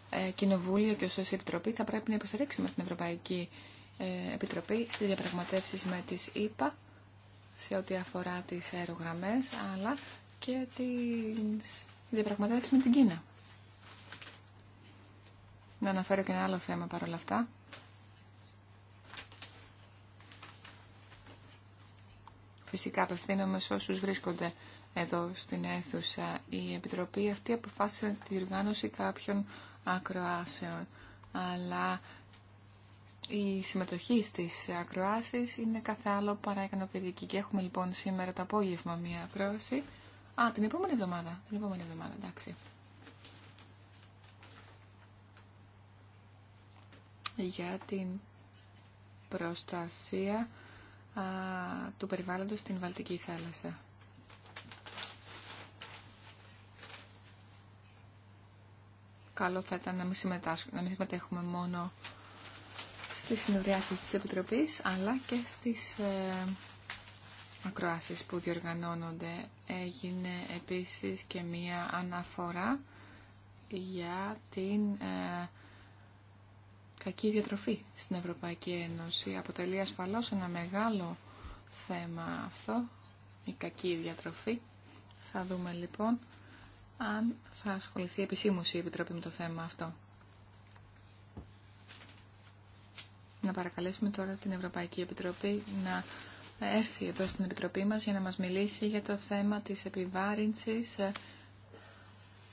[SPEAKER 1] ε, Κοινοβούλιο και ως Επιτροπή θα πρέπει να υποστηρίξουμε την Ευρωπαϊκή ε, Επιτροπή στι διαπραγματεύσει με τις ΗΠΑ σε ό,τι αφορά τις αερογραμμές αλλά και τι διαπραγματεύσει με την Κίνα. Να αναφέρω και ένα άλλο θέμα παρόλα αυτά. Φυσικά απευθύνομαι σε όσους βρίσκονται εδώ στην αίθουσα. Η Επιτροπή αυτή αποφάσισε τη διοργάνωση κάποιων ακροάσεων. Αλλά η συμμετοχή στις ακροάσεις είναι κάθε άλλο παρά ικανοποιητική. Και έχουμε λοιπόν σήμερα το απόγευμα μία ακρόαση. Α, την επόμενη εβδομάδα. Την επόμενη εβδομάδα, Για την προστασία του περιβάλλοντος στην Βαλτική θάλασσα. καλό θα ήταν να μην, να μην συμμετέχουμε μόνο στις συνεδριάσεις της Επιτροπής, αλλά και στις ε, ακροάσεις που διοργανώνονται. Έγινε επίσης και μία αναφορά για την ε, κακή διατροφή στην Ευρωπαϊκή Ένωση. Αποτελεί ασφαλώς ένα μεγάλο θέμα αυτό, η κακή διατροφή. Θα δούμε λοιπόν αν θα ασχοληθεί επισήμως η Επιτροπή με το θέμα αυτό. Να παρακαλέσουμε τώρα την Ευρωπαϊκή Επιτροπή να έρθει εδώ στην Επιτροπή μας για να μας μιλήσει για το θέμα της επιβάρυνσης ε,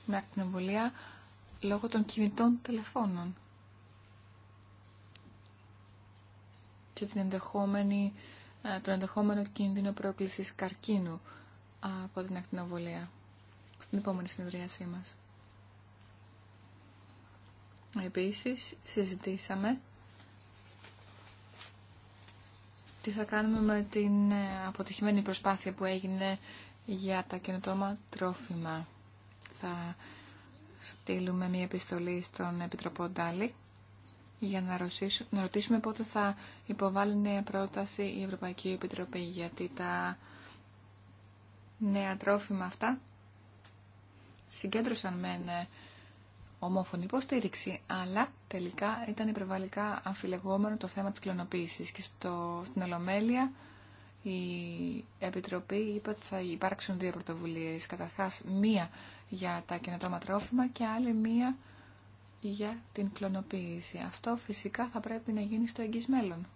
[SPEAKER 1] με ακτινοβολία λόγω των κινητών τηλεφώνων και την ενδεχόμενη, ε, τον ενδεχόμενο κίνδυνο πρόκλησης καρκίνου από την ακτινοβολία στην επόμενη συνεδρίασή μας. Επίσης, συζητήσαμε τι θα κάνουμε με την ε, αποτυχημένη προσπάθεια που έγινε για τα καινοτόμα τρόφιμα. Θα στείλουμε μία επιστολή στον Επιτροπό Ντάλι για να, να ρωτήσουμε πότε θα υποβάλει νέα πρόταση η Ευρωπαϊκή Επιτροπή γιατί τα νέα τρόφιμα αυτά συγκέντρωσαν μεν ομόφωνη υποστήριξη, αλλά τελικά ήταν υπερβαλλικά αμφιλεγόμενο το θέμα της κλωνοποίησης και στο, στην Ολομέλεια η Επιτροπή είπε ότι θα υπάρξουν δύο πρωτοβουλίες. Καταρχάς μία για τα καινοτόμα τρόφιμα και άλλη μία για την κλωνοποίηση. Αυτό φυσικά θα πρέπει να γίνει στο εγγύς μέλλον.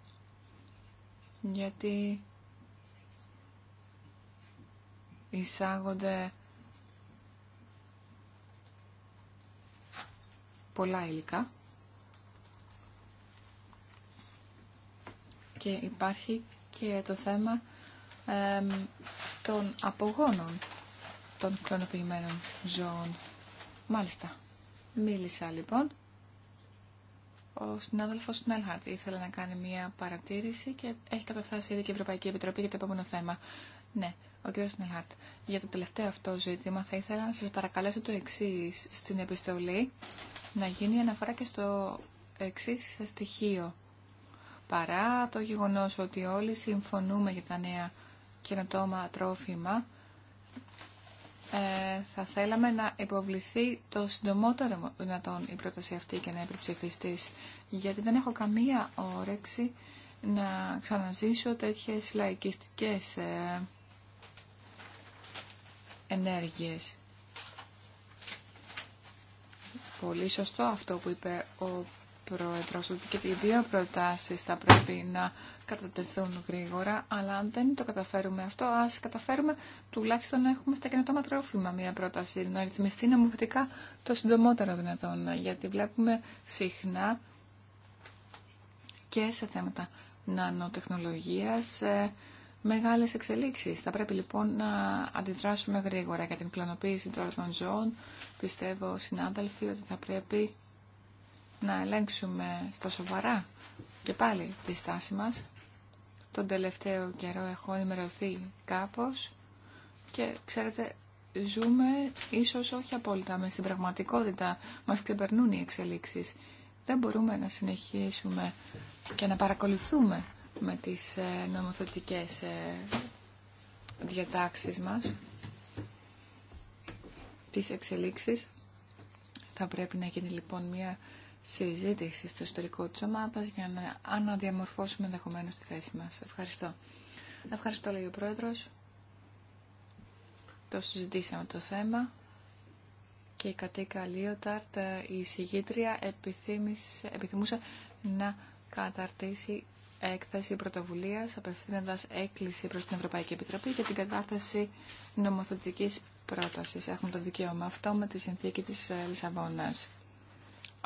[SPEAKER 1] Γιατί εισάγονται πολλά υλικά και υπάρχει και το θέμα ε, των απογόνων των κλωνοποιημένων ζώων. Μάλιστα. Μίλησα λοιπόν. Ο συνάδελφος Σνέλχαρτ ήθελε να κάνει μια παρατήρηση και έχει καταφτάσει ήδη και η Ευρωπαϊκή Επιτροπή για το επόμενο θέμα. Ναι, ο κ. για το τελευταίο αυτό ζήτημα θα ήθελα να σας παρακαλέσω το εξή στην επιστολή να γίνει αναφορά και στο εξή στοιχείο. Παρά το γεγονός ότι όλοι συμφωνούμε για τα νέα καινοτόμα τρόφιμα, ε, θα θέλαμε να υποβληθεί το συντομότερο δυνατόν η πρόταση αυτή και να υπερψηφιστεί. Γιατί δεν έχω καμία όρεξη να ξαναζήσω τέτοιες λαϊκιστικές ε, ενέργειες. Πολύ σωστό αυτό που είπε ο Πρόεδρος, ότι και οι δύο προτάσεις θα πρέπει να κατατεθούν γρήγορα, αλλά αν δεν το καταφέρουμε αυτό, ας καταφέρουμε τουλάχιστον να έχουμε στα καινοτόμα τρόφιμα μία πρόταση, να ρυθμιστεί νομοθετικά το συντομότερο δυνατόν, γιατί βλέπουμε συχνά και σε θέματα νανοτεχνολογίας, ε, μεγάλες εξελίξεις. Θα πρέπει λοιπόν να αντιδράσουμε γρήγορα για την κλωνοποίηση των ζώων. Πιστεύω, συνάδελφοι, ότι θα πρέπει να ελέγξουμε στα σοβαρά και πάλι τη στάση μας. Τον τελευταίο καιρό έχω ενημερωθεί κάπως και ξέρετε ζούμε ίσως όχι απόλυτα με στην πραγματικότητα. Μας ξεπερνούν οι εξελίξεις. Δεν μπορούμε να συνεχίσουμε και να παρακολουθούμε με τις ε, νομοθετικές ε, διατάξεις μας, τις εξελίξεις. Θα πρέπει να γίνει λοιπόν μια συζήτηση στο ιστορικό της ομάδας για να αναδιαμορφώσουμε ενδεχομένω τη θέση μας. Ευχαριστώ. Ευχαριστώ λέει ο Πρόεδρος. Το συζητήσαμε το θέμα και η κατήκα Λίοταρτ, ε, η συγγήτρια, επιθυμούσε να καταρτήσει έκθεση πρωτοβουλία, απευθύνοντα έκκληση προς την Ευρωπαϊκή Επιτροπή για την κατάθεση νομοθετική πρόταση. Έχουμε το δικαίωμα αυτό με τη συνθήκη της ε, Λισαβόνα.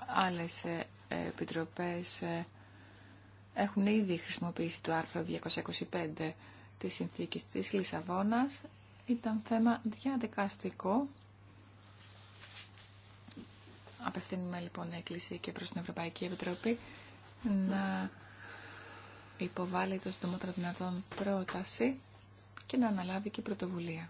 [SPEAKER 1] Άλλε ε, επιτροπές ε, έχουν ήδη χρησιμοποιήσει το άρθρο 225 της συνθήκης της Λισαβόνα. Ήταν θέμα διαδικαστικό. Απευθύνουμε λοιπόν έκκληση και προς την Ευρωπαϊκή Επιτροπή να Υποβάλλει το συντομότερο δυνατόν πρόταση και να αναλάβει και πρωτοβουλία.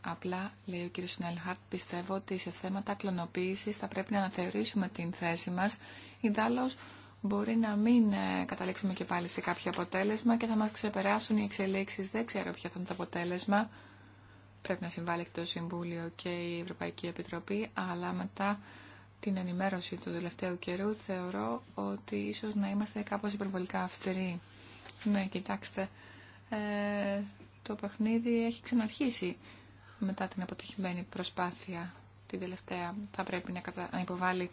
[SPEAKER 1] Απλά, λέει ο κ. Σνέλχαρτ, πιστεύω ότι σε θέματα κλωνοποίησης θα πρέπει να αναθεωρήσουμε την θέση μας. Ιδάλλως, μπορεί να μην ε, καταλήξουμε και πάλι σε κάποιο αποτέλεσμα και θα μας ξεπεράσουν οι εξελίξεις. Δεν ξέρω ποια θα είναι το αποτέλεσμα. Πρέπει να συμβάλλει και το Συμβούλιο και η Ευρωπαϊκή Επιτροπή, αλλά μετά την ενημέρωση του τελευταίου καιρού, θεωρώ ότι ίσως να είμαστε κάπως υπερβολικά αυστηροί. Ναι, κοιτάξτε, ε, το παιχνίδι έχει ξαναρχίσει μετά την αποτυχημένη προσπάθεια την τελευταία. Θα πρέπει να, κατα... να υποβάλει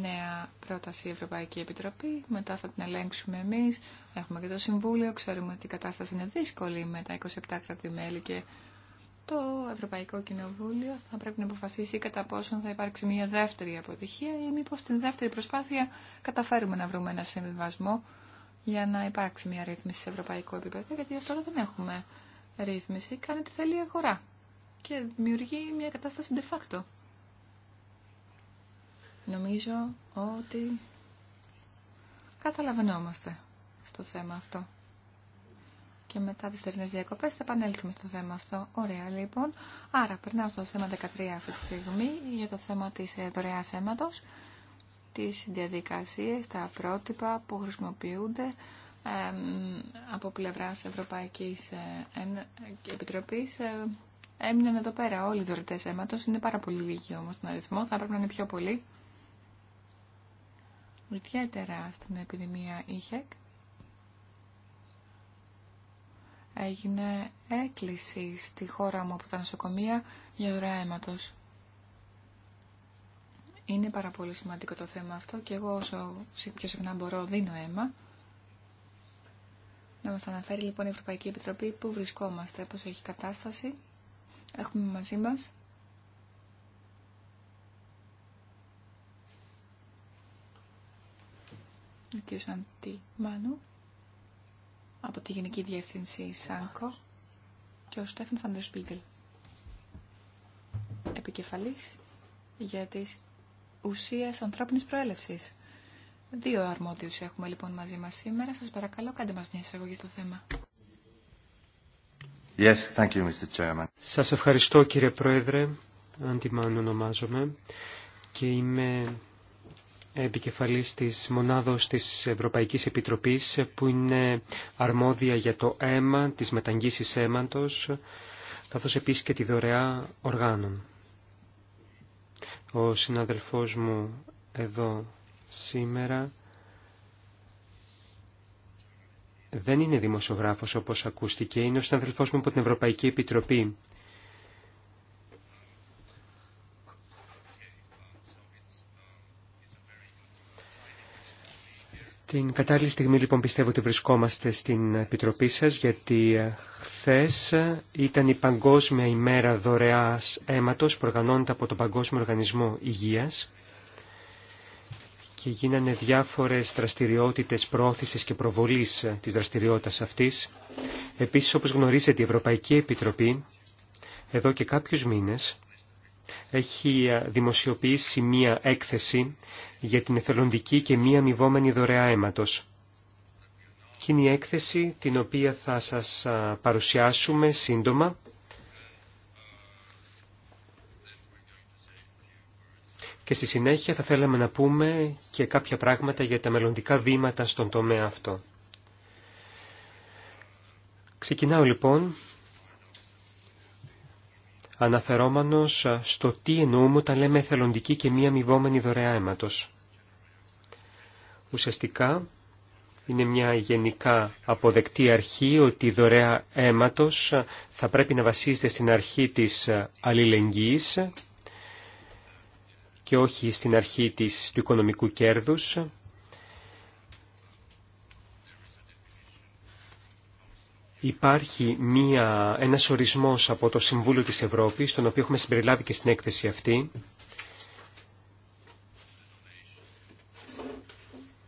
[SPEAKER 1] νέα πρόταση η Ευρωπαϊκή Επιτροπή, μετά θα την ελέγξουμε εμείς, έχουμε και το Συμβούλιο, ξέρουμε ότι η κατάσταση είναι δύσκολη με τα 27 κράτη-μέλη και το Ευρωπαϊκό Κοινοβούλιο θα πρέπει να αποφασίσει κατά πόσον θα υπάρξει μια δεύτερη αποτυχία ή μήπως στην δεύτερη προσπάθεια καταφέρουμε να βρούμε ένα συμβιβασμό για να υπάρξει μια ρύθμιση σε ευρωπαϊκό επίπεδο, γιατί ως τώρα δεν έχουμε ρύθμιση, κάνει ό,τι θέλει η αγορά και δημιουργεί μια κατάσταση de facto. Νομίζω ότι καταλαβαίνόμαστε στο θέμα αυτό και μετά τις θερινές διακοπές θα επανέλθουμε στο θέμα αυτό. Ωραία λοιπόν. Άρα περνάω στο θέμα 13 αυτή τη στιγμή για το θέμα της ε, δωρεάς αίματος, τις διαδικασίες, τα πρότυπα που χρησιμοποιούνται από πλευράς Ευρωπαϊκής ε, Επιτροπής. Ε, έμειναν εδώ πέρα όλοι οι δωρητές αίματος. Είναι πάρα πολύ λίγοι όμως τον αριθμό. Θα έπρεπε να είναι πιο πολύ Ιδιαίτερα στην επιδημία ΙΧΕΚ έγινε έκκληση στη χώρα μου από τα νοσοκομεία για δωρεά αίματος. Είναι πάρα πολύ σημαντικό το θέμα αυτό και εγώ όσο πιο συχνά μπορώ δίνω αίμα. Να μας αναφέρει λοιπόν η Ευρωπαϊκή Επιτροπή που βρισκόμαστε, πώς έχει κατάσταση. Έχουμε μαζί μας ο κ από τη Γενική Διεύθυνση ΣΑΝΚΟ και ο Στέφαν Φαντεσπίγκελ, επικεφαλής για τις ουσίες ανθρώπινης προέλευσης. Δύο αρμόδιους έχουμε λοιπόν μαζί μας σήμερα. Σας παρακαλώ κάντε μας μια εισαγωγή στο θέμα.
[SPEAKER 2] Yes, thank you, Mr. Chairman.
[SPEAKER 3] Σας ευχαριστώ κύριε Πρόεδρε, αντιμάνω ονομάζομαι και είμαι επικεφαλής της μονάδος της Ευρωπαϊκής Επιτροπής που είναι αρμόδια για το αίμα, τις μεταγγίσεις αίματος, καθώς επίσης και τη δωρεά οργάνων. Ο συναδελφός μου εδώ σήμερα δεν είναι δημοσιογράφος όπως ακούστηκε, είναι ο συναδελφός μου από την Ευρωπαϊκή Επιτροπή Την κατάλληλη στιγμή λοιπόν πιστεύω ότι βρισκόμαστε στην Επιτροπή σας γιατί ε, χθες ήταν η Παγκόσμια ημέρα δωρεάς αίματος οργανώνεται από τον Παγκόσμιο Οργανισμό Υγείας και γίνανε διάφορες δραστηριότητες πρόθεσης και προβολής ε, της δραστηριότητας αυτής. Επίσης όπως γνωρίζετε η Ευρωπαϊκή Επιτροπή εδώ και κάποιους μήνες έχει ε, δημοσιοποιήσει μία έκθεση για την εθελοντική και μία αμοιβόμενη δωρεά αίματος. Και είναι η έκθεση την οποία θα σας παρουσιάσουμε σύντομα. Και στη συνέχεια θα θέλαμε να πούμε και κάποια πράγματα για τα μελλοντικά βήματα στον τομέα αυτό. Ξεκινάω λοιπόν αναφερόμενος στο τι εννοούμε όταν λέμε εθελοντική και μη αμοιβόμενη δωρεά αίματος. Ουσιαστικά είναι μια γενικά αποδεκτή αρχή ότι η δωρεά αίματος θα πρέπει να βασίζεται στην αρχή της αλληλεγγύης και όχι στην αρχή της, του οικονομικού κέρδους Υπάρχει μία, ένας ορισμός από το Συμβούλιο της Ευρώπης, τον οποίο έχουμε συμπεριλάβει και στην έκθεση αυτή.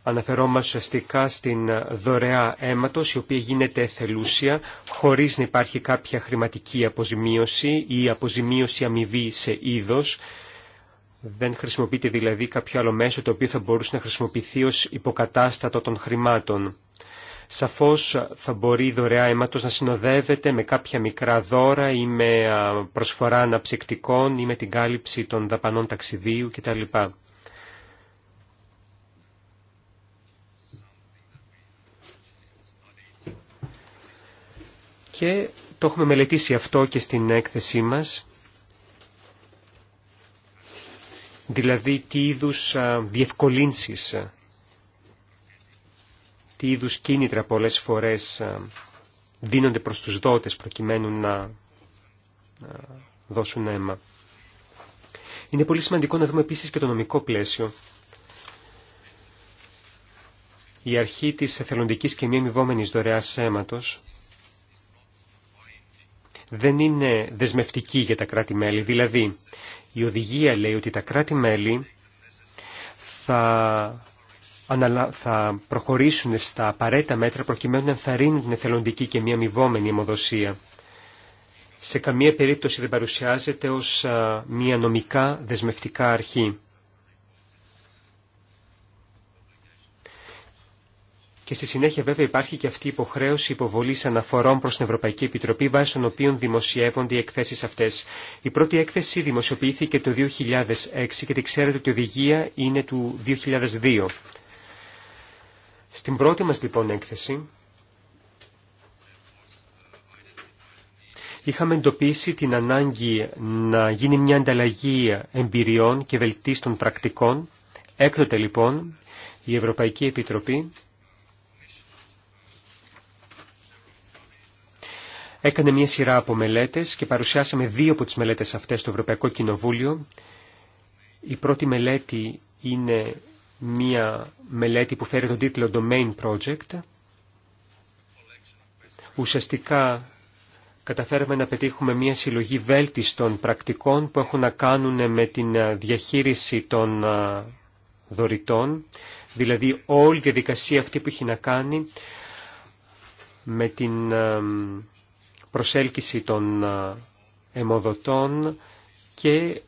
[SPEAKER 3] Αναφερόμαστε ουσιαστικά στην δωρεά αίματος, η οποία γίνεται εθελούσια, χωρίς να υπάρχει κάποια χρηματική αποζημίωση ή αποζημίωση αμοιβή σε είδος. Δεν χρησιμοποιείται δηλαδή κάποιο άλλο μέσο το οποίο θα μπορούσε να χρησιμοποιηθεί ως υποκατάστατο των χρημάτων. Σαφώς θα μπορεί η δωρεά αίματος να συνοδεύεται με κάποια μικρά δώρα ή με προσφορά αναψυκτικών ή με την κάλυψη των δαπανών ταξιδίου κτλ. Και το έχουμε μελετήσει αυτό και στην έκθεσή μας. Δηλαδή τι είδους διευκολύνσεις τι είδους κίνητρα πολλές φορές ε, δίνονται προς τους δότες προκειμένου να ε, δώσουν αίμα. Είναι πολύ σημαντικό να δούμε επίσης και το νομικό πλαίσιο. Η αρχή της εθελοντική και μη αμοιβόμενης δωρεάς αίματος δεν είναι δεσμευτική για τα κράτη-μέλη. Δηλαδή, η οδηγία λέει ότι τα κράτη-μέλη θα θα προχωρήσουν στα απαραίτητα μέτρα προκειμένου να ενθαρρύνουν την εθελοντική και μη αμοιβόμενη αιμοδοσία. Σε καμία περίπτωση δεν παρουσιάζεται ως μια νομικά δεσμευτικά αρχή. Και στη συνέχεια βέβαια υπάρχει και αυτή η υποχρέωση υποβολής αναφορών προς την Ευρωπαϊκή Επιτροπή βάσει των οποίων δημοσιεύονται οι εκθέσεις αυτές. Η πρώτη έκθεση δημοσιοποιήθηκε το 2006 και τη ξέρετε ότι η οδηγία είναι του 2002. Στην πρώτη μας λοιπόν έκθεση είχαμε εντοπίσει την ανάγκη να γίνει μια ανταλλαγή εμπειριών και βελτίστων πρακτικών. Έκτοτε λοιπόν η Ευρωπαϊκή Επιτροπή έκανε μια σειρά από μελέτες και παρουσιάσαμε δύο από τις μελέτες αυτές στο Ευρωπαϊκό Κοινοβούλιο. Η πρώτη μελέτη είναι μία μελέτη που φέρει τον τίτλο Domain Project. Ουσιαστικά καταφέραμε να πετύχουμε μία συλλογή βέλτιστων πρακτικών που έχουν να κάνουν με την διαχείριση των δωρητών, δηλαδή όλη η διαδικασία αυτή που έχει να κάνει με την προσέλκυση των αιμοδοτών και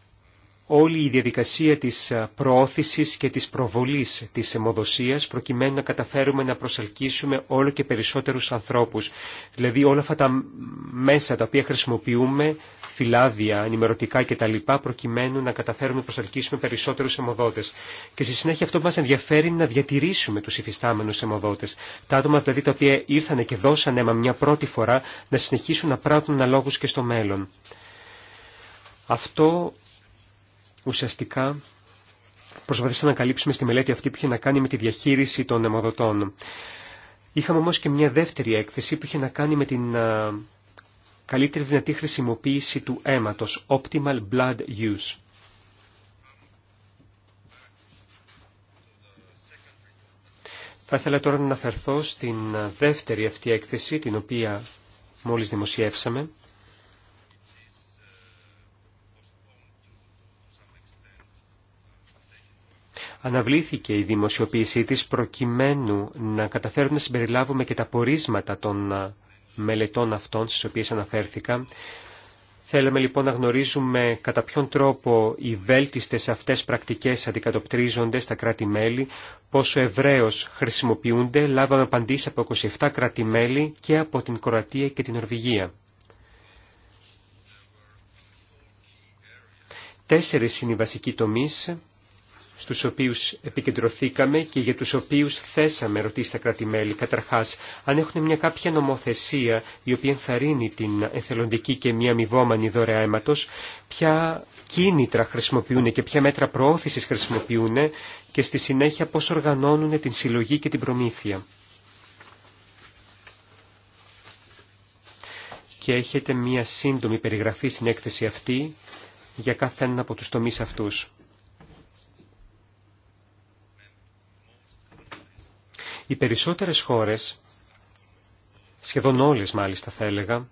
[SPEAKER 3] όλη η διαδικασία της ε, προώθησης και της προβολής της αιμοδοσίας προκειμένου να καταφέρουμε να προσελκύσουμε όλο και περισσότερους ανθρώπους. Δηλαδή όλα αυτά τα μέσα τα οποία χρησιμοποιούμε, φυλάδια, ενημερωτικά κτλ. προκειμένου να καταφέρουμε να προσελκύσουμε περισσότερους αιμοδότες. Και στη συνέχεια αυτό που μας ενδιαφέρει είναι να διατηρήσουμε τους υφιστάμενους αιμοδότες. Τα άτομα δηλαδή τα οποία ήρθαν και δώσαν αίμα μια πρώτη φορά να συνεχίσουν να πράττουν αναλόγους και στο μέλλον. Αυτό Ουσιαστικά προσπαθήσαμε να καλύψουμε στη μελέτη αυτή που είχε να κάνει με τη διαχείριση των αιμοδοτών. Είχαμε όμως και μια δεύτερη έκθεση που είχε να κάνει με την καλύτερη δυνατή χρησιμοποίηση του αίματος, Optimal Blood Use. Θα ήθελα τώρα να αναφερθώ στην δεύτερη αυτή έκθεση, την οποία μόλις δημοσιεύσαμε. αναβλήθηκε η δημοσιοποίησή της προκειμένου να καταφέρουμε να συμπεριλάβουμε και τα πορίσματα των ε, μελετών αυτών στις οποίες αναφέρθηκα. Θέλουμε λοιπόν να γνωρίζουμε κατά ποιον τρόπο οι βέλτιστες αυτές πρακτικές αντικατοπτρίζονται στα κράτη-μέλη, πόσο ευρέως χρησιμοποιούνται, λάβαμε απαντήσεις από 27 κράτη-μέλη και από την Κροατία και την Νορβηγία. Τέσσερις είναι οι βασικοί τομείς στους οποίους επικεντρωθήκαμε και για τους οποίους θέσαμε ερωτήσεις στα κράτη-μέλη. Καταρχάς, αν έχουν μια κάποια νομοθεσία η οποία ενθαρρύνει την εθελοντική και μια αμοιβόμενη δωρεά αίματος, ποια κίνητρα χρησιμοποιούν και ποια μέτρα προώθησης χρησιμοποιούν και στη συνέχεια πώς οργανώνουν την συλλογή και την προμήθεια. Και έχετε μία σύντομη περιγραφή στην έκθεση αυτή για κάθε έναν από τους τομείς αυτούς. Οι περισσότερες χώρες, σχεδόν όλες μάλιστα θα έλεγα,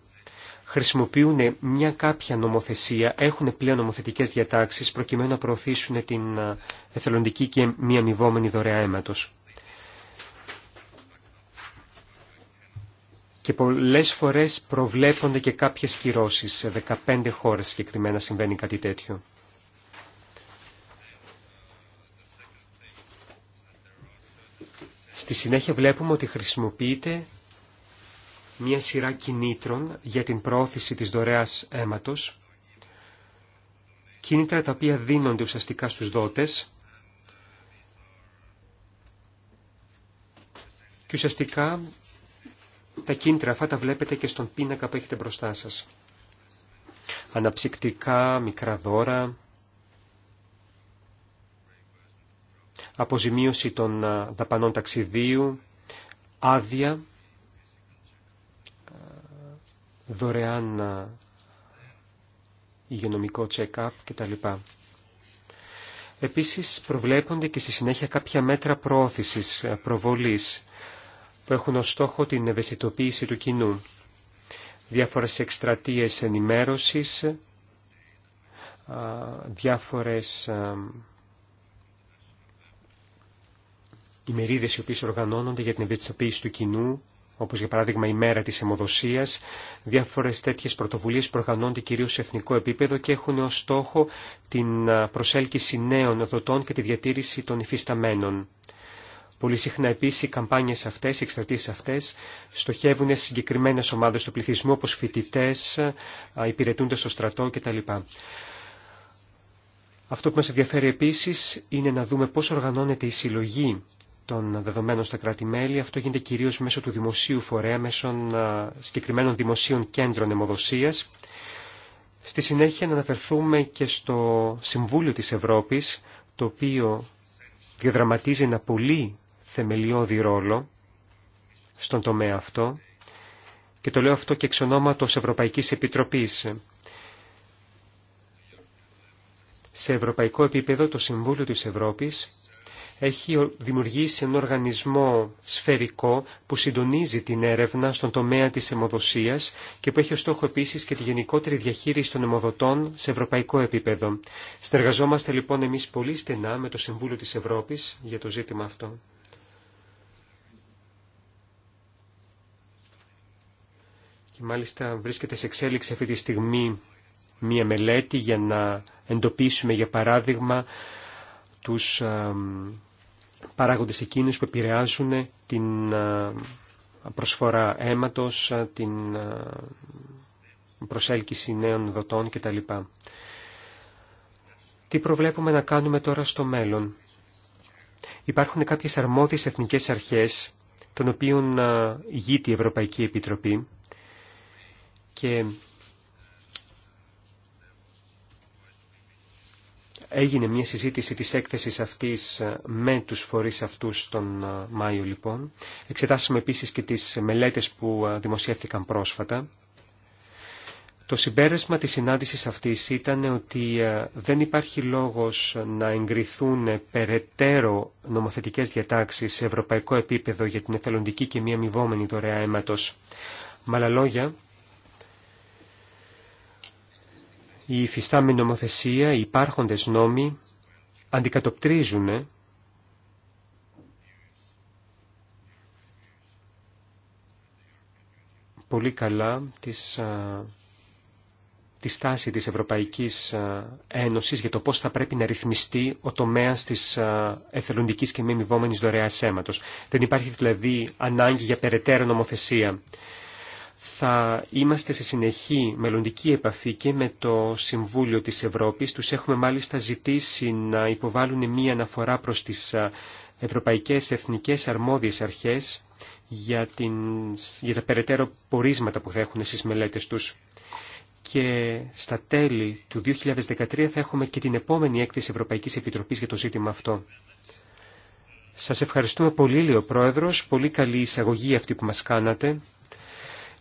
[SPEAKER 3] χρησιμοποιούν μια κάποια νομοθεσία, έχουν πλέον νομοθετικές διατάξεις προκειμένου να προωθήσουν την ε, εθελοντική και μη αμοιβόμενη δωρεά αίματος. Και πολλές φορές προβλέπονται και κάποιες κυρώσεις. Σε 15 χώρες συγκεκριμένα συμβαίνει κάτι τέτοιο. Στη συνέχεια βλέπουμε ότι χρησιμοποιείται μια σειρά κινήτρων για την πρόθεση της δωρεάς αίματος, κίνητρα τα οποία δίνονται ουσιαστικά στους δότες και ουσιαστικά τα κίνητρα αυτά τα βλέπετε και στον πίνακα που έχετε μπροστά σας. Αναψυκτικά, μικρά δώρα, αποζημίωση των δαπανών ταξιδίου, άδεια, δωρεάν υγειονομικό check-up κτλ. Επίσης προβλέπονται και στη συνέχεια κάποια μέτρα προώθησης, προβολής, που έχουν ως στόχο την ευαισθητοποίηση του κοινού. Διάφορες εκστρατείες ενημέρωσης, διάφορες οι μερίδες οι οποίες οργανώνονται για την ευαισθητοποίηση του κοινού, όπως για παράδειγμα η μέρα της αιμοδοσίας, διάφορες τέτοιες πρωτοβουλίες οργανώνται κυρίως σε εθνικό επίπεδο και έχουν ως στόχο την προσέλκυση νέων δοτών και τη διατήρηση των υφισταμένων. Πολύ συχνά επίση οι καμπάνιες αυτές, οι εκστρατείε αυτές στοχεύουν σε συγκεκριμένες ομάδες του πληθυσμού όπως φοιτητέ, υπηρετούνται στο στρατό κτλ. Αυτό που μας ενδιαφέρει επίσης είναι να δούμε πώς οργανώνεται η συλλογή των δεδομένων στα κράτη-μέλη. Αυτό γίνεται κυρίως μέσω του δημοσίου φορέα, μέσω συγκεκριμένων δημοσίων κέντρων αιμοδοσίας. Στη συνέχεια να αναφερθούμε και στο Συμβούλιο της Ευρώπης, το οποίο διαδραματίζει ένα πολύ θεμελιώδη ρόλο στον τομέα αυτό και το λέω αυτό και εξ ονόματος Ευρωπαϊκής Επιτροπής. Σε ευρωπαϊκό επίπεδο το Συμβούλιο της Ευρώπης έχει δημιουργήσει ένα οργανισμό σφαιρικό που συντονίζει την έρευνα στον τομέα της αιμοδοσίας και που έχει ως στόχο επίσης και τη γενικότερη διαχείριση των αιμοδοτών σε ευρωπαϊκό επίπεδο. Στεργαζόμαστε λοιπόν εμείς πολύ στενά με το Συμβούλιο της Ευρώπης για το ζήτημα αυτό. Και μάλιστα βρίσκεται σε εξέλιξη αυτή τη στιγμή μία μελέτη για να εντοπίσουμε για παράδειγμα τους παράγοντες εκείνους που επηρεάζουν την προσφορά αίματος, την προσέλκυση νέων δοτών κτλ. Τι προβλέπουμε να κάνουμε τώρα στο μέλλον. Υπάρχουν κάποιες αρμόδιες εθνικές αρχές, των οποίων ηγείται η Ευρωπαϊκή Επιτροπή και Έγινε μια συζήτηση της έκθεσης αυτής ε, με τους φορείς αυτούς τον ε, Μάιο λοιπόν. Εξετάσαμε επίσης και τις μελέτες που ε, δημοσιεύτηκαν πρόσφατα. Το συμπέρασμα της συνάντησης αυτής ήταν ότι δεν υπάρχει λόγος να εγκριθούν περαιτέρω νομοθετικές διατάξεις σε ευρωπαϊκό επίπεδο για την εθελοντική και μη αμοιβόμενη δωρεά αίματος. Με η υφιστάμενη νομοθεσία, οι υπάρχοντες νόμοι αντικατοπτρίζουν ε, πολύ καλά τις, τη στάση της Ευρωπαϊκής Ένωσης για το πώς θα πρέπει να ρυθμιστεί ο τομέας της εθελοντικής και μη μιβόμενης δωρεάς αίματος. Δεν υπάρχει δηλαδή ανάγκη για περαιτέρω νομοθεσία θα είμαστε σε συνεχή μελλοντική επαφή και με το Συμβούλιο της Ευρώπης. Τους έχουμε μάλιστα ζητήσει να υποβάλουν μία αναφορά προς τις ευρωπαϊκές εθνικές αρμόδιες αρχές για, την, για τα περαιτέρω πορίσματα που θα έχουν στις μελέτες τους. Και στα τέλη του 2013 θα έχουμε και την επόμενη έκθεση Ευρωπαϊκής Επιτροπής για το ζήτημα αυτό. Σας ευχαριστούμε πολύ, λέει Πρόεδρος. Πολύ καλή εισαγωγή αυτή που μας κάνατε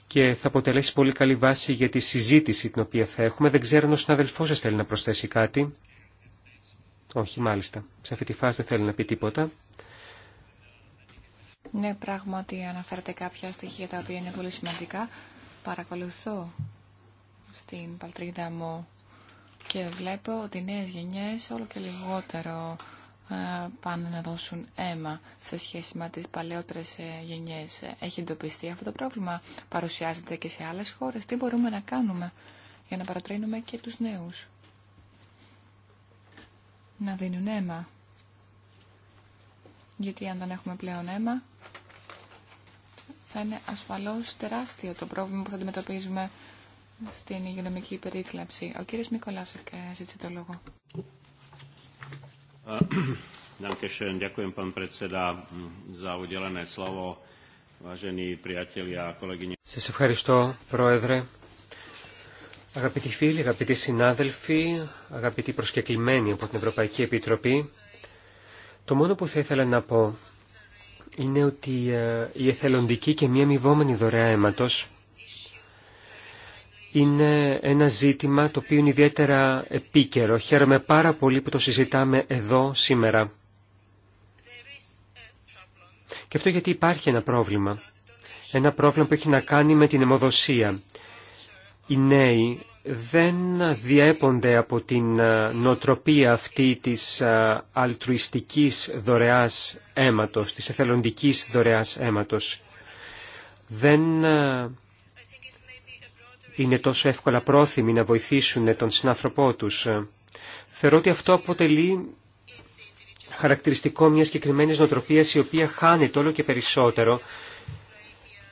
[SPEAKER 3] και θα αποτελέσει πολύ καλή βάση για τη συζήτηση την οποία θα έχουμε. Δεν ξέρω αν ο συναδελφό σα θέλει να προσθέσει κάτι. Όχι, μάλιστα. Σε αυτή τη φάση δεν θέλει να πει τίποτα.
[SPEAKER 1] Ναι, πράγματι αναφέρετε κάποια στοιχεία τα οποία είναι πολύ σημαντικά. Παρακολουθώ στην παλτρίδα μου και βλέπω ότι οι νέες γενιές όλο και λιγότερο ε, πάνε να δώσουν αίμα σε σχέση με τις παλαιότερες ε, γενιές. Ε, έχει εντοπιστεί αυτό το πρόβλημα, παρουσιάζεται και σε άλλες χώρες. Τι μπορούμε να κάνουμε για να παρατρύνουμε και τους νέους. Να δίνουν αίμα. Γιατί αν δεν έχουμε πλέον αίμα, θα είναι ασφαλώς τεράστιο το πρόβλημα που θα αντιμετωπίζουμε στην υγειονομική περίθλαψη. Ο κύριος Μικολάσεκ ζήτησε το λόγο.
[SPEAKER 2] Ďakujem, Σας
[SPEAKER 3] ευχαριστώ, Πρόεδρε. Αγαπητοί φίλοι, αγαπητοί συνάδελφοι, αγαπητοί προσκεκλημένοι από την Ευρωπαϊκή Επιτροπή, το μόνο που θα ήθελα να πω είναι ότι ε, η εθελοντική και μη αμοιβόμενη δωρεά αίματος είναι ένα ζήτημα το οποίο είναι ιδιαίτερα επίκαιρο. Χαίρομαι πάρα πολύ που το συζητάμε εδώ σήμερα. Και αυτό γιατί υπάρχει ένα πρόβλημα. Ένα πρόβλημα που έχει να κάνει με την αιμοδοσία. Οι νέοι δεν διέπονται από την νοτροπία αυτή της αλτρουιστικής δωρεάς αίματος, της εθελοντικής δωρεάς αίματος. Δεν είναι τόσο εύκολα πρόθυμοι να βοηθήσουν τον συνάνθρωπό τους. Θεωρώ ότι αυτό αποτελεί χαρακτηριστικό μιας συγκεκριμένη νοοτροπίας η οποία χάνεται όλο και περισσότερο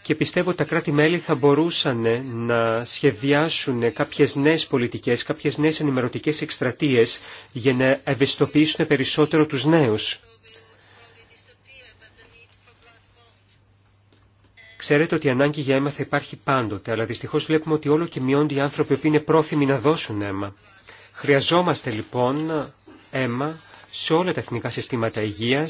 [SPEAKER 3] και πιστεύω ότι τα κράτη-μέλη θα μπορούσαν να σχεδιάσουν κάποιες νέες πολιτικές, κάποιες νέες ενημερωτικές εκστρατείες για να ευαισθητοποιήσουν περισσότερο τους νέους. Ξέρετε ότι η ανάγκη για αίμα θα υπάρχει πάντοτε, αλλά δυστυχώ βλέπουμε ότι όλο και μειώνται οι άνθρωποι που είναι πρόθυμοι να δώσουν αίμα. Χρειαζόμαστε λοιπόν αίμα σε όλα τα εθνικά συστήματα υγεία.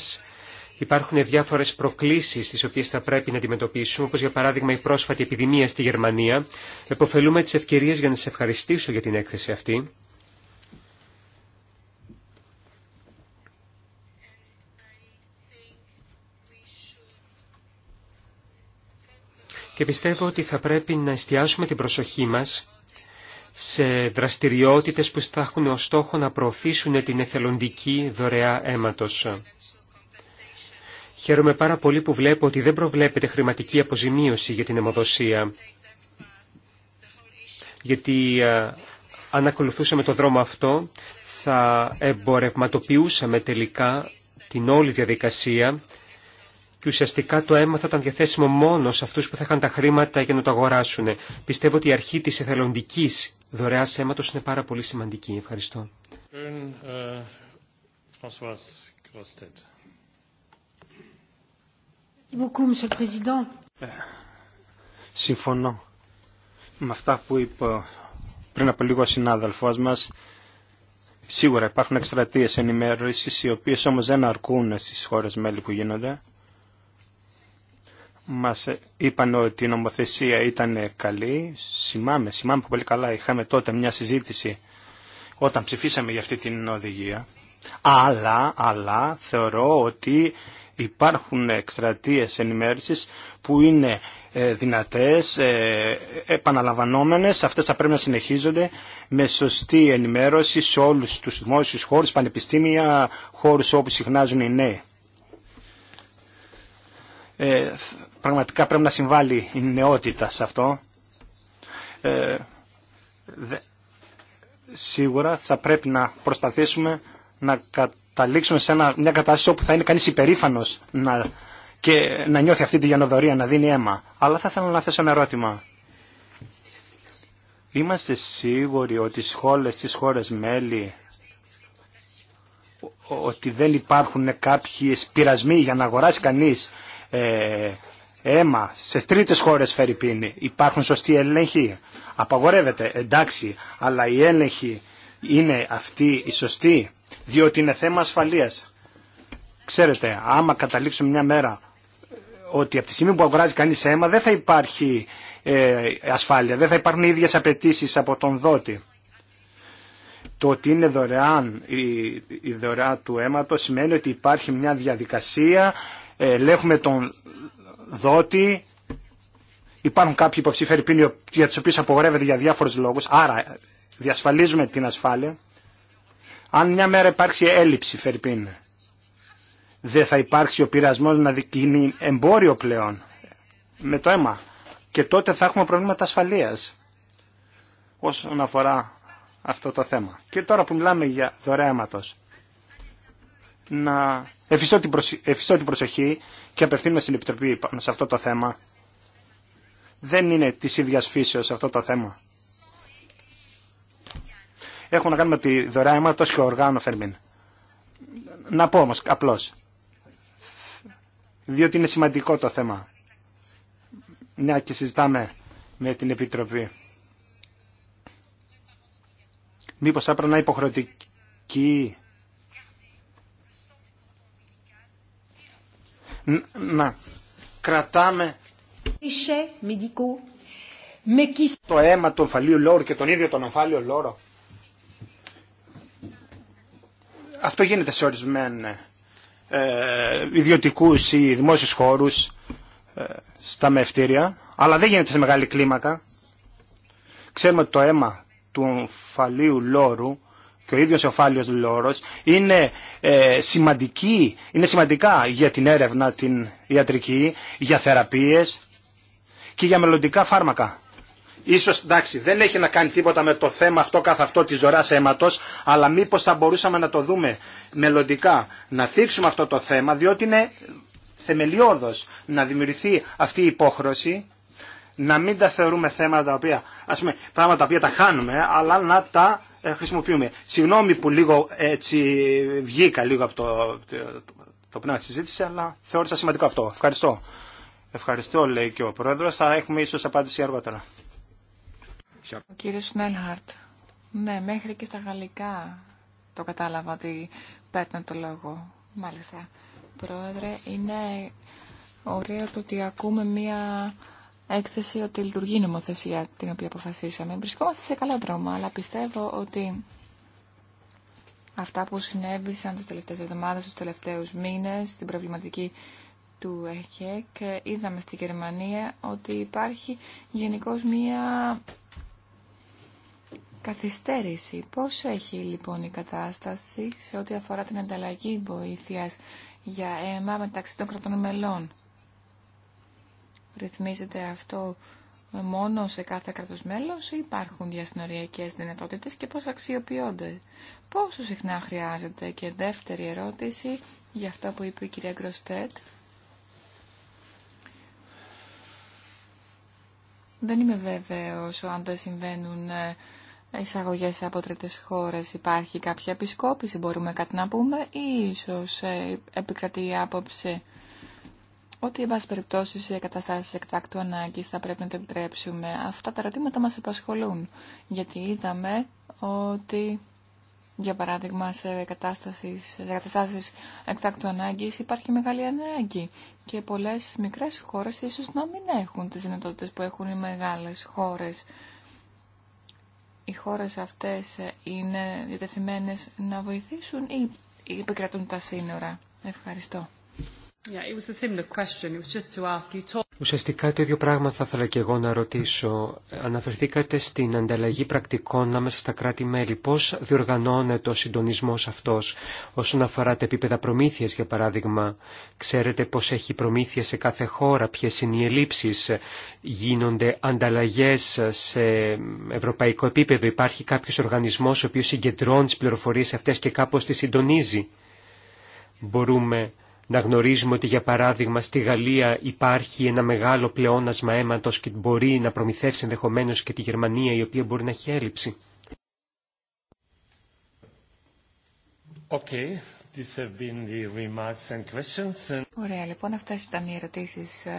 [SPEAKER 3] Υπάρχουν διάφορε προκλήσει τι οποίε θα πρέπει να αντιμετωπίσουμε, όπω για παράδειγμα η πρόσφατη επιδημία στη Γερμανία. Εποφελούμε τι ευκαιρίε για να σας ευχαριστήσω για την έκθεση αυτή. και πιστεύω ότι θα πρέπει να εστιάσουμε την προσοχή μας σε δραστηριότητες που θα έχουν ως στόχο να προωθήσουν την εθελοντική δωρεά αίματος. Χαίρομαι πάρα πολύ που βλέπω ότι δεν προβλέπεται χρηματική αποζημίωση για την αιμοδοσία, γιατί ε, αν ακολουθούσαμε το δρόμο αυτό θα εμπορευματοποιούσαμε τελικά την όλη διαδικασία και ουσιαστικά το αίμα θα ήταν διαθέσιμο μόνο σε αυτού που θα είχαν τα χρήματα για να το αγοράσουν. Πιστεύω ότι η αρχή τη εθελοντική δωρεά αίματο είναι πάρα πολύ σημαντική. Ευχαριστώ.
[SPEAKER 4] Ε, συμφωνώ με αυτά που είπε πριν από λίγο ο συνάδελφός μας. Σίγουρα υπάρχουν εκστρατείε ενημέρωσης οι οποίες όμως δεν αρκούν στις χώρες μέλη που γίνονται μας είπαν ότι η νομοθεσία ήταν καλή. Σημάμαι, σημάμαι πολύ καλά. Είχαμε τότε μια συζήτηση όταν ψηφίσαμε για αυτή την οδηγία. Αλλά, αλλά θεωρώ ότι υπάρχουν εκστρατείες ενημέρωσης που είναι ε, δυνατές, ε, επαναλαμβανόμενες, αυτές θα πρέπει να συνεχίζονται με σωστή ενημέρωση σε όλους τους δημόσιους χώρους, πανεπιστήμια, χώρους όπου συχνάζουν οι νέοι. Ε, πραγματικά πρέπει να συμβάλλει η νεότητα σε αυτό. Ε, δε, σίγουρα θα πρέπει να προσπαθήσουμε να καταλήξουμε σε ένα, μια κατάσταση όπου θα είναι κανείς υπερήφανος να, και να νιώθει αυτή τη γενοδορία, να δίνει αίμα. Αλλά θα θέλω να θέσω ένα ερώτημα. Είμαστε σίγουροι ότι οι χώρες, στις χώρες μέλη ότι δεν υπάρχουν κάποιοι πειρασμοί για να αγοράσει κανείς ε, αίμα σε τρίτες χώρες φέρει πίνη. Υπάρχουν σωστοί έλεγχοι. Απαγορεύεται, εντάξει, αλλά οι έλεγχοι είναι αυτοί οι σωστοί, διότι είναι θέμα ασφαλείας. Ξέρετε, άμα καταλήξουμε μια μέρα ότι από τη στιγμή που αγοράζει κανείς αίμα δεν θα υπάρχει ε, ασφάλεια, δεν θα υπάρχουν οι ίδιες απαιτήσει από τον δότη. Το ότι είναι δωρεάν η, δωρεά του αίματος σημαίνει ότι υπάρχει μια διαδικασία, ελέγχουμε τον δότη υπάρχουν κάποιοι υποψήφοι ερυπίνοι για του οποίου απογορεύεται για διάφορους λόγους, άρα διασφαλίζουμε την ασφάλεια. Αν μια μέρα υπάρξει έλλειψη φερπίν, δεν θα υπάρξει ο πειρασμό να γίνει εμπόριο πλέον με το αίμα. Και τότε θα έχουμε προβλήματα ασφαλείας όσον αφορά αυτό το θέμα. Και τώρα που μιλάμε για δωρεά να Εφισώ την, προσοχή, και απευθύνουμε στην Επιτροπή σε αυτό το θέμα. Δεν είναι της ίδιας σε αυτό το θέμα. Έχουμε να κάνουμε τη δωρεά αίματος και οργάνω, φερμίν. Να πω όμω απλώ. Διότι είναι σημαντικό το θέμα. Ναι και συζητάμε με την Επιτροπή. Μήπως θα έπρεπε να υποχρεωτική να κρατάμε το αίμα του ομφαλίου λόρου και τον ίδιο τον ομφάλιο λόρο. Αυτό γίνεται σε ορισμένες ε, ιδιωτικούς ή δημόσιους χώρους ε, στα μευτήρια, αλλά δεν γίνεται σε μεγάλη κλίμακα. Ξέρουμε ότι το αίμα του ομφαλίου λόρου και ο ίδιος ο Φάλιος Λόρος είναι, ε, σημαντική, είναι σημαντικά για την έρευνα την ιατρική, για θεραπείες και για μελλοντικά φάρμακα. Ίσως εντάξει δεν έχει να κάνει τίποτα με το θέμα αυτό καθ' αυτό της ζωράς αίματος αλλά μήπως θα μπορούσαμε να το δούμε μελλοντικά να θίξουμε αυτό το θέμα διότι είναι θεμελιώδος να δημιουργηθεί αυτή η υπόχρωση να μην τα θεωρούμε θέματα τα οποία, ας πούμε, πράγματα τα οποία τα χάνουμε αλλά να τα ε, χρησιμοποιούμε. Συγγνώμη που λίγο έτσι βγήκα λίγο από το, το, το πνεύμα της συζήτηση, αλλά θεώρησα σημαντικό αυτό. Ευχαριστώ. Ευχαριστώ, λέει και ο Πρόεδρος. Θα έχουμε ίσως απάντηση αργότερα. Ο
[SPEAKER 1] Κύριο Σνέλχαρτ. Ναι, μέχρι και στα γαλλικά το κατάλαβα ότι παίρνω το λόγο. Μάλιστα. Πρόεδρε, είναι ωραίο το ότι ακούμε μία έκθεση ότι λειτουργεί η νομοθεσία την οποία αποφασίσαμε. Βρισκόμαστε σε καλό δρόμο, αλλά πιστεύω ότι αυτά που συνέβησαν τις τελευταίες εβδομάδες, τους τελευταίους μήνες, στην προβληματική του ΕΧΕΚ, είδαμε στη Γερμανία ότι υπάρχει γενικώ μία καθυστέρηση. Πώς έχει λοιπόν η κατάσταση σε ό,τι αφορά την ανταλλαγή βοήθειας για αίμα μεταξύ των κρατών μελών ρυθμίζεται αυτό μόνο σε κάθε κράτος μέλος ή υπάρχουν διασυνοριακές δυνατότητες και πώς αξιοποιούνται. Πόσο συχνά χρειάζεται και δεύτερη ερώτηση για αυτά που είπε η κυρία δευτερη ερωτηση για αυτό που ειπε η κυρια γκροστετ Δεν είμαι βέβαιος αν δεν συμβαίνουν ε, εισαγωγές από τρίτε χώρες. Υπάρχει κάποια επισκόπηση, μπορούμε κάτι να πούμε ή ίσως ε, επικρατεί η άποψη ότι, εν πάση περιπτώσει, σε καταστάσει εκτάκτου ανάγκη θα πρέπει να το επιτρέψουμε. Αυτά τα ερωτήματα μα απασχολούν. Γιατί είδαμε ότι, για παράδειγμα, σε, σε καταστάσει εκτάκτου ανάγκη υπάρχει μεγάλη ανάγκη. Και πολλέ μικρέ χώρε ίσω να μην έχουν τι δυνατότητε που έχουν οι μεγάλε χώρε. Οι χώρε αυτέ είναι διατεθειμένε να βοηθήσουν ή επικρατούν τα σύνορα. Ευχαριστώ.
[SPEAKER 3] Ουσιαστικά το ίδιο πράγμα θα ήθελα και εγώ να ρωτήσω. Αναφερθήκατε στην ανταλλαγή πρακτικών ανάμεσα στα κράτη-μέλη. Πώ διοργανώνεται ο συντονισμό αυτό όσον αφορά τα επίπεδα προμήθεια, για παράδειγμα. Ξέρετε πώ έχει προμήθεια σε κάθε χώρα, ποιε είναι οι ελλείψει, γίνονται ανταλλαγέ σε ευρωπαϊκό επίπεδο. Υπάρχει κάποιο οργανισμό ο οποίο συγκεντρώνει τι πληροφορίε αυτέ και κάπω τι συντονίζει. Μπορούμε να γνωρίζουμε ότι για παράδειγμα στη Γαλλία υπάρχει ένα μεγάλο πλεόνασμα αίματος και μπορεί να προμηθεύσει ενδεχομένως και τη Γερμανία η οποία μπορεί να έχει έλλειψη.
[SPEAKER 2] Okay.
[SPEAKER 1] Ωραία, λοιπόν, αυτέ ήταν οι ερωτήσει ε,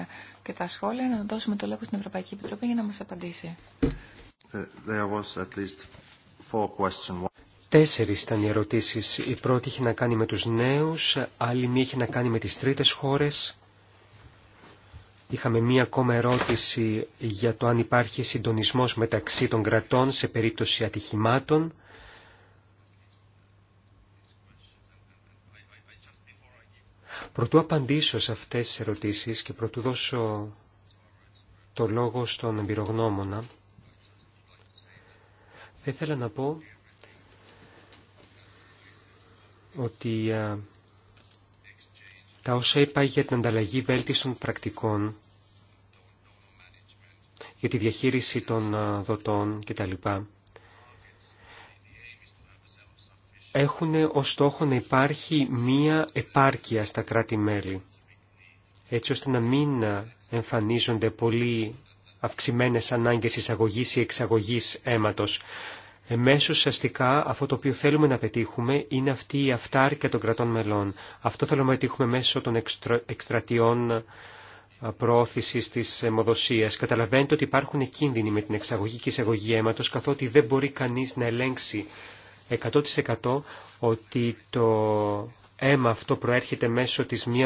[SPEAKER 1] και τα σχόλια. Να δώσουμε το λόγο στην Ευρωπαϊκή Επιτροπή για να μα απαντήσει.
[SPEAKER 2] There
[SPEAKER 3] Τέσσερις ήταν οι ερωτήσεις. Η πρώτη είχε να κάνει με τους νέους, άλλη μία είχε να κάνει με τις τρίτες χώρες. Είχαμε μία ακόμα ερώτηση για το αν υπάρχει συντονισμός μεταξύ των κρατών σε περίπτωση ατυχημάτων. Προτού απαντήσω σε αυτές τις ερωτήσεις και προτού δώσω το λόγο στον εμπειρογνώμονα, θα ήθελα να πω ότι ε, τα όσα είπα για την ανταλλαγή βέλτιστων πρακτικών, για τη διαχείριση των ε, δοτών κτλ. έχουν ως στόχο να υπάρχει μία επάρκεια στα κράτη-μέλη, έτσι ώστε να μην ε, εμφανίζονται πολύ αυξημένες ανάγκες εισαγωγής ή εξαγωγής αίματος. Εμέσως αστικά αυτό το οποίο θέλουμε να πετύχουμε είναι αυτή η αυτάρκεια των κρατών μελών. Αυτό θέλουμε να πετύχουμε μέσω των εκστρατιών προώθηση τη αιμοδοσία. Καταλαβαίνετε ότι υπάρχουν κίνδυνοι με την εξαγωγή και εισαγωγή αίματος καθότι δεν μπορεί κανεί να ελέγξει 100% ότι το αίμα αυτό προέρχεται μέσω τη μη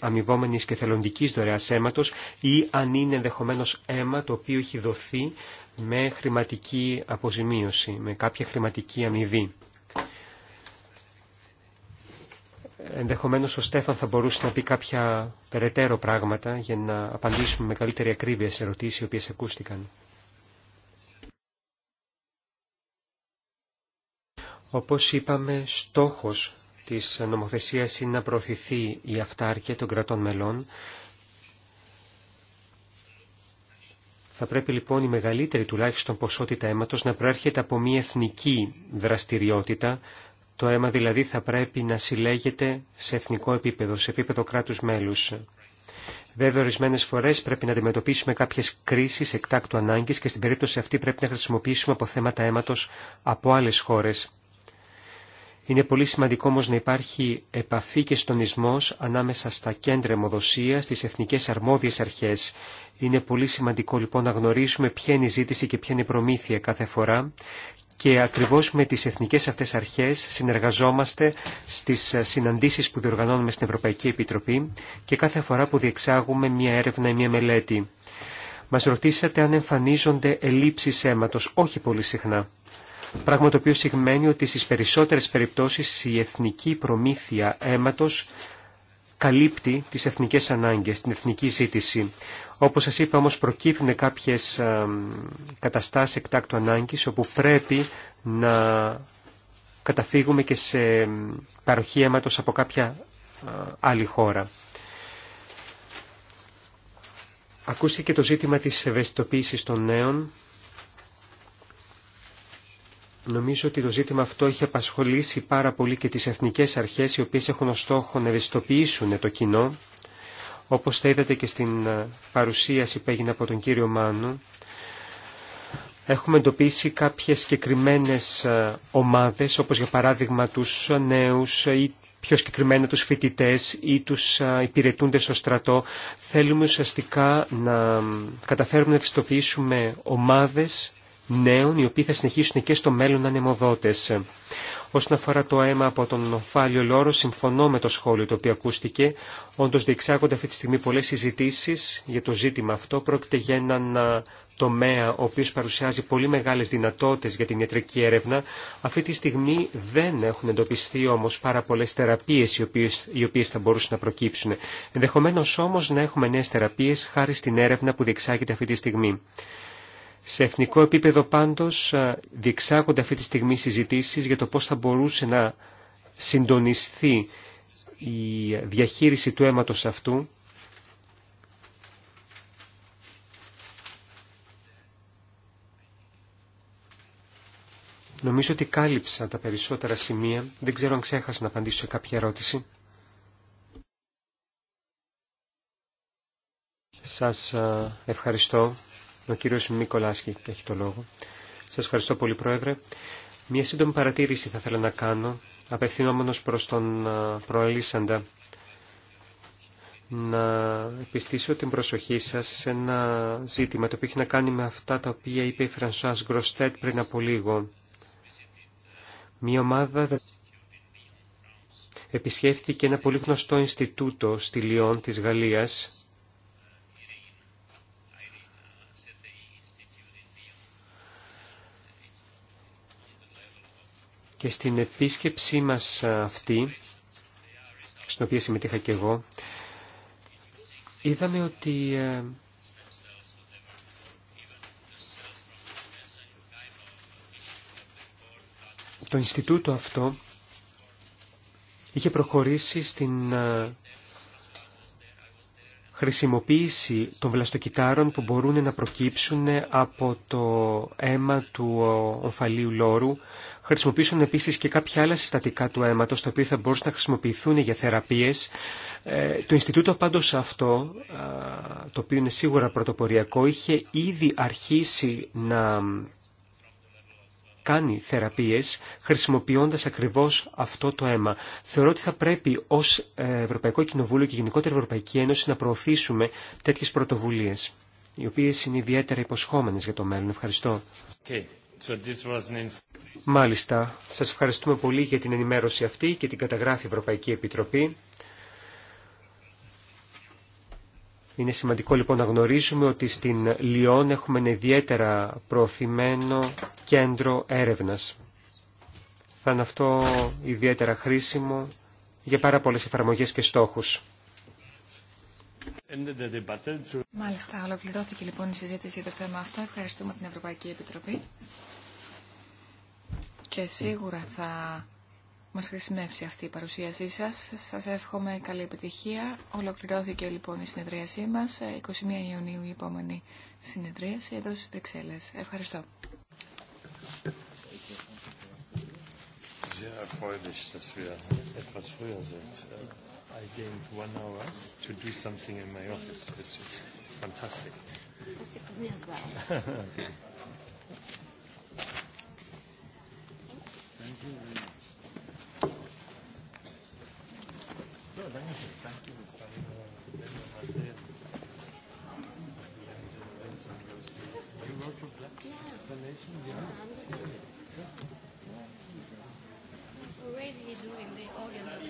[SPEAKER 3] αμοιβόμενη και θελοντική δωρεά αίματο ή αν είναι ενδεχομένω αίμα το οποίο έχει δοθεί με χρηματική αποζημίωση, με κάποια χρηματική αμοιβή. Ενδεχομένως ο Στέφαν θα μπορούσε να πει κάποια περαιτέρω πράγματα για να απαντήσουμε με καλύτερη ακρίβεια σε ερωτήσεις οι οποίες ακούστηκαν. Όπως είπαμε, στόχος της νομοθεσίας είναι να προωθηθεί η αυτάρκεια των κρατών μελών Θα πρέπει λοιπόν η μεγαλύτερη τουλάχιστον ποσότητα αίματος να προέρχεται από μια εθνική δραστηριότητα. Το αίμα δηλαδή θα πρέπει να συλλέγεται σε εθνικό επίπεδο, σε επίπεδο κράτους μέλους. Βέβαια, ορισμένε φορέ πρέπει να αντιμετωπίσουμε κάποιε κρίσει εκτάκτου ανάγκη και στην περίπτωση αυτή πρέπει να χρησιμοποιήσουμε αποθέματα αίματο από άλλε χώρε. Είναι πολύ σημαντικό όμως να υπάρχει επαφή και στονισμός ανάμεσα στα κέντρα αιμοδοσίας, στις εθνικές αρμόδιες αρχές. Είναι πολύ σημαντικό λοιπόν να γνωρίσουμε ποια είναι η ζήτηση και ποια είναι η προμήθεια κάθε φορά και ακριβώς με τις εθνικές αυτές αρχές συνεργαζόμαστε στις συναντήσεις που διοργανώνουμε στην Ευρωπαϊκή Επιτροπή και κάθε φορά που διεξάγουμε μια έρευνα ή μια μελέτη. Μας ρωτήσατε αν εμφανίζονται ελλείψεις αίματος, όχι πολύ συχνά. Πράγμα το οποίο σημαίνει ότι στις περισσότερες περιπτώσεις η εθνική προμήθεια αίματος καλύπτει τις εθνικές ανάγκες, την εθνική ζήτηση. Όπως σας είπα όμως προκύπτουν κάποιες καταστάσεις εκτάκτου ανάγκης όπου πρέπει να καταφύγουμε και σε παροχή αίματος από κάποια άλλη χώρα. Ακούστηκε και το ζήτημα της ευαισθητοποίησης των νέων Νομίζω ότι το ζήτημα αυτό έχει απασχολήσει πάρα πολύ και τις εθνικές αρχές οι οποίες έχουν ως στόχο να ευαισθητοποιήσουν το κοινό. Όπως θα είδατε και στην ε, παρουσίαση που έγινε από τον κύριο Μάνου, έχουμε εντοπίσει κάποιες συγκεκριμένε ε, ομάδες, όπως για παράδειγμα τους νέους ή πιο συγκεκριμένα τους φοιτητές ή τους ε, υπηρετούντες στο στρατό. Θέλουμε ουσιαστικά να καταφέρουμε να ευαισθητοποιήσουμε ομάδες νέων οι οποίοι θα συνεχίσουν και στο μέλλον να είναι Όσον αφορά το αίμα από τον Οφάλιο λόρο, συμφωνώ με το σχόλιο το οποίο ακούστηκε. Όντω διεξάγονται αυτή τη στιγμή πολλέ συζητήσει για το ζήτημα αυτό. Πρόκειται για έναν τομέα ο οποίος παρουσιάζει πολύ μεγάλες δυνατότητες για την ιατρική έρευνα. Αυτή τη στιγμή δεν έχουν εντοπιστεί όμως πάρα πολλές θεραπείες οι οποίες, θα μπορούσαν να προκύψουν. Ενδεχομένως όμω να έχουμε νέε θεραπείες χάρη στην έρευνα που διεξάγεται αυτή τη στιγμή. Σε εθνικό επίπεδο πάντως διεξάγονται αυτή τη στιγμή συζητήσεις για το πώς θα μπορούσε να συντονιστεί η διαχείριση του αίματος αυτού Νομίζω ότι κάλυψα τα περισσότερα σημεία. Δεν ξέρω αν ξέχασα να απαντήσω σε κάποια ερώτηση. Σας ευχαριστώ. Ο κύριος Μικολάσκη έχει το λόγο. Σας ευχαριστώ πολύ, Πρόεδρε. Μία σύντομη παρατήρηση θα ήθελα να κάνω, απευθυνόμενος προς τον προελίσαντα. Να επιστήσω την προσοχή σας σε ένα ζήτημα το οποίο έχει να κάνει με αυτά τα οποία είπε η Φρανσουάς Γκροστέτ πριν από λίγο. Μία ομάδα επισκέφθηκε ένα πολύ γνωστό Ινστιτούτο στη Λιόν της Γαλλίας και στην επίσκεψή μας αυτή, στην οποία συμμετείχα και εγώ, είδαμε ότι ε, το Ινστιτούτο αυτό είχε προχωρήσει στην ε, χρησιμοποίηση των βλαστοκυτάρων που μπορούν να προκύψουν από το αίμα του ομφαλίου λόρου. Χρησιμοποιήσουν επίσης και κάποια άλλα συστατικά του αίματος, τα οποία θα μπορούσαν να χρησιμοποιηθούν για θεραπείες. Ε, το Ινστιτούτο πάντως αυτό, το οποίο είναι σίγουρα πρωτοποριακό, είχε ήδη αρχίσει να κάνει θεραπείες χρησιμοποιώντας ακριβώς αυτό το αίμα. Θεωρώ ότι θα πρέπει ως ε, Ευρωπαϊκό Κοινοβούλιο και γενικότερα Ευρωπαϊκή Ένωση να προωθήσουμε τέτοιες πρωτοβουλίες, οι οποίες είναι ιδιαίτερα υποσχόμενες για το μέλλον. Ευχαριστώ. Μάλιστα, σας ευχαριστούμε πολύ για την ενημέρωση αυτή και την καταγράφη Ευρωπαϊκή Επιτροπή. Είναι σημαντικό λοιπόν να γνωρίζουμε ότι στην Λιόν έχουμε ένα ιδιαίτερα προωθημένο κέντρο έρευνας. Θα είναι αυτό ιδιαίτερα χρήσιμο για πάρα πολλές εφαρμογές και στόχους.
[SPEAKER 1] Μάλιστα, ολοκληρώθηκε λοιπόν η συζήτηση για το θέμα αυτό. Ευχαριστούμε την Ευρωπαϊκή Επιτροπή. Και σίγουρα θα μας χρησιμεύσει αυτή η παρουσίασή σας. Σας εύχομαι καλή επιτυχία. Ολοκληρώθηκε λοιπόν η συνεδρίασή μας. 21 ε, Ιουνίου η επόμενη συνεδρίαση εδώ στις Βρυξέλλες. Ευχαριστώ.
[SPEAKER 2] Sehr erfreulich, dass wir etwas früher sind. Äh, I gained one hour to do something in my office, which is fantastic.
[SPEAKER 3] Fantastic for me as well. okay.
[SPEAKER 2] Thank you Already doing the organ.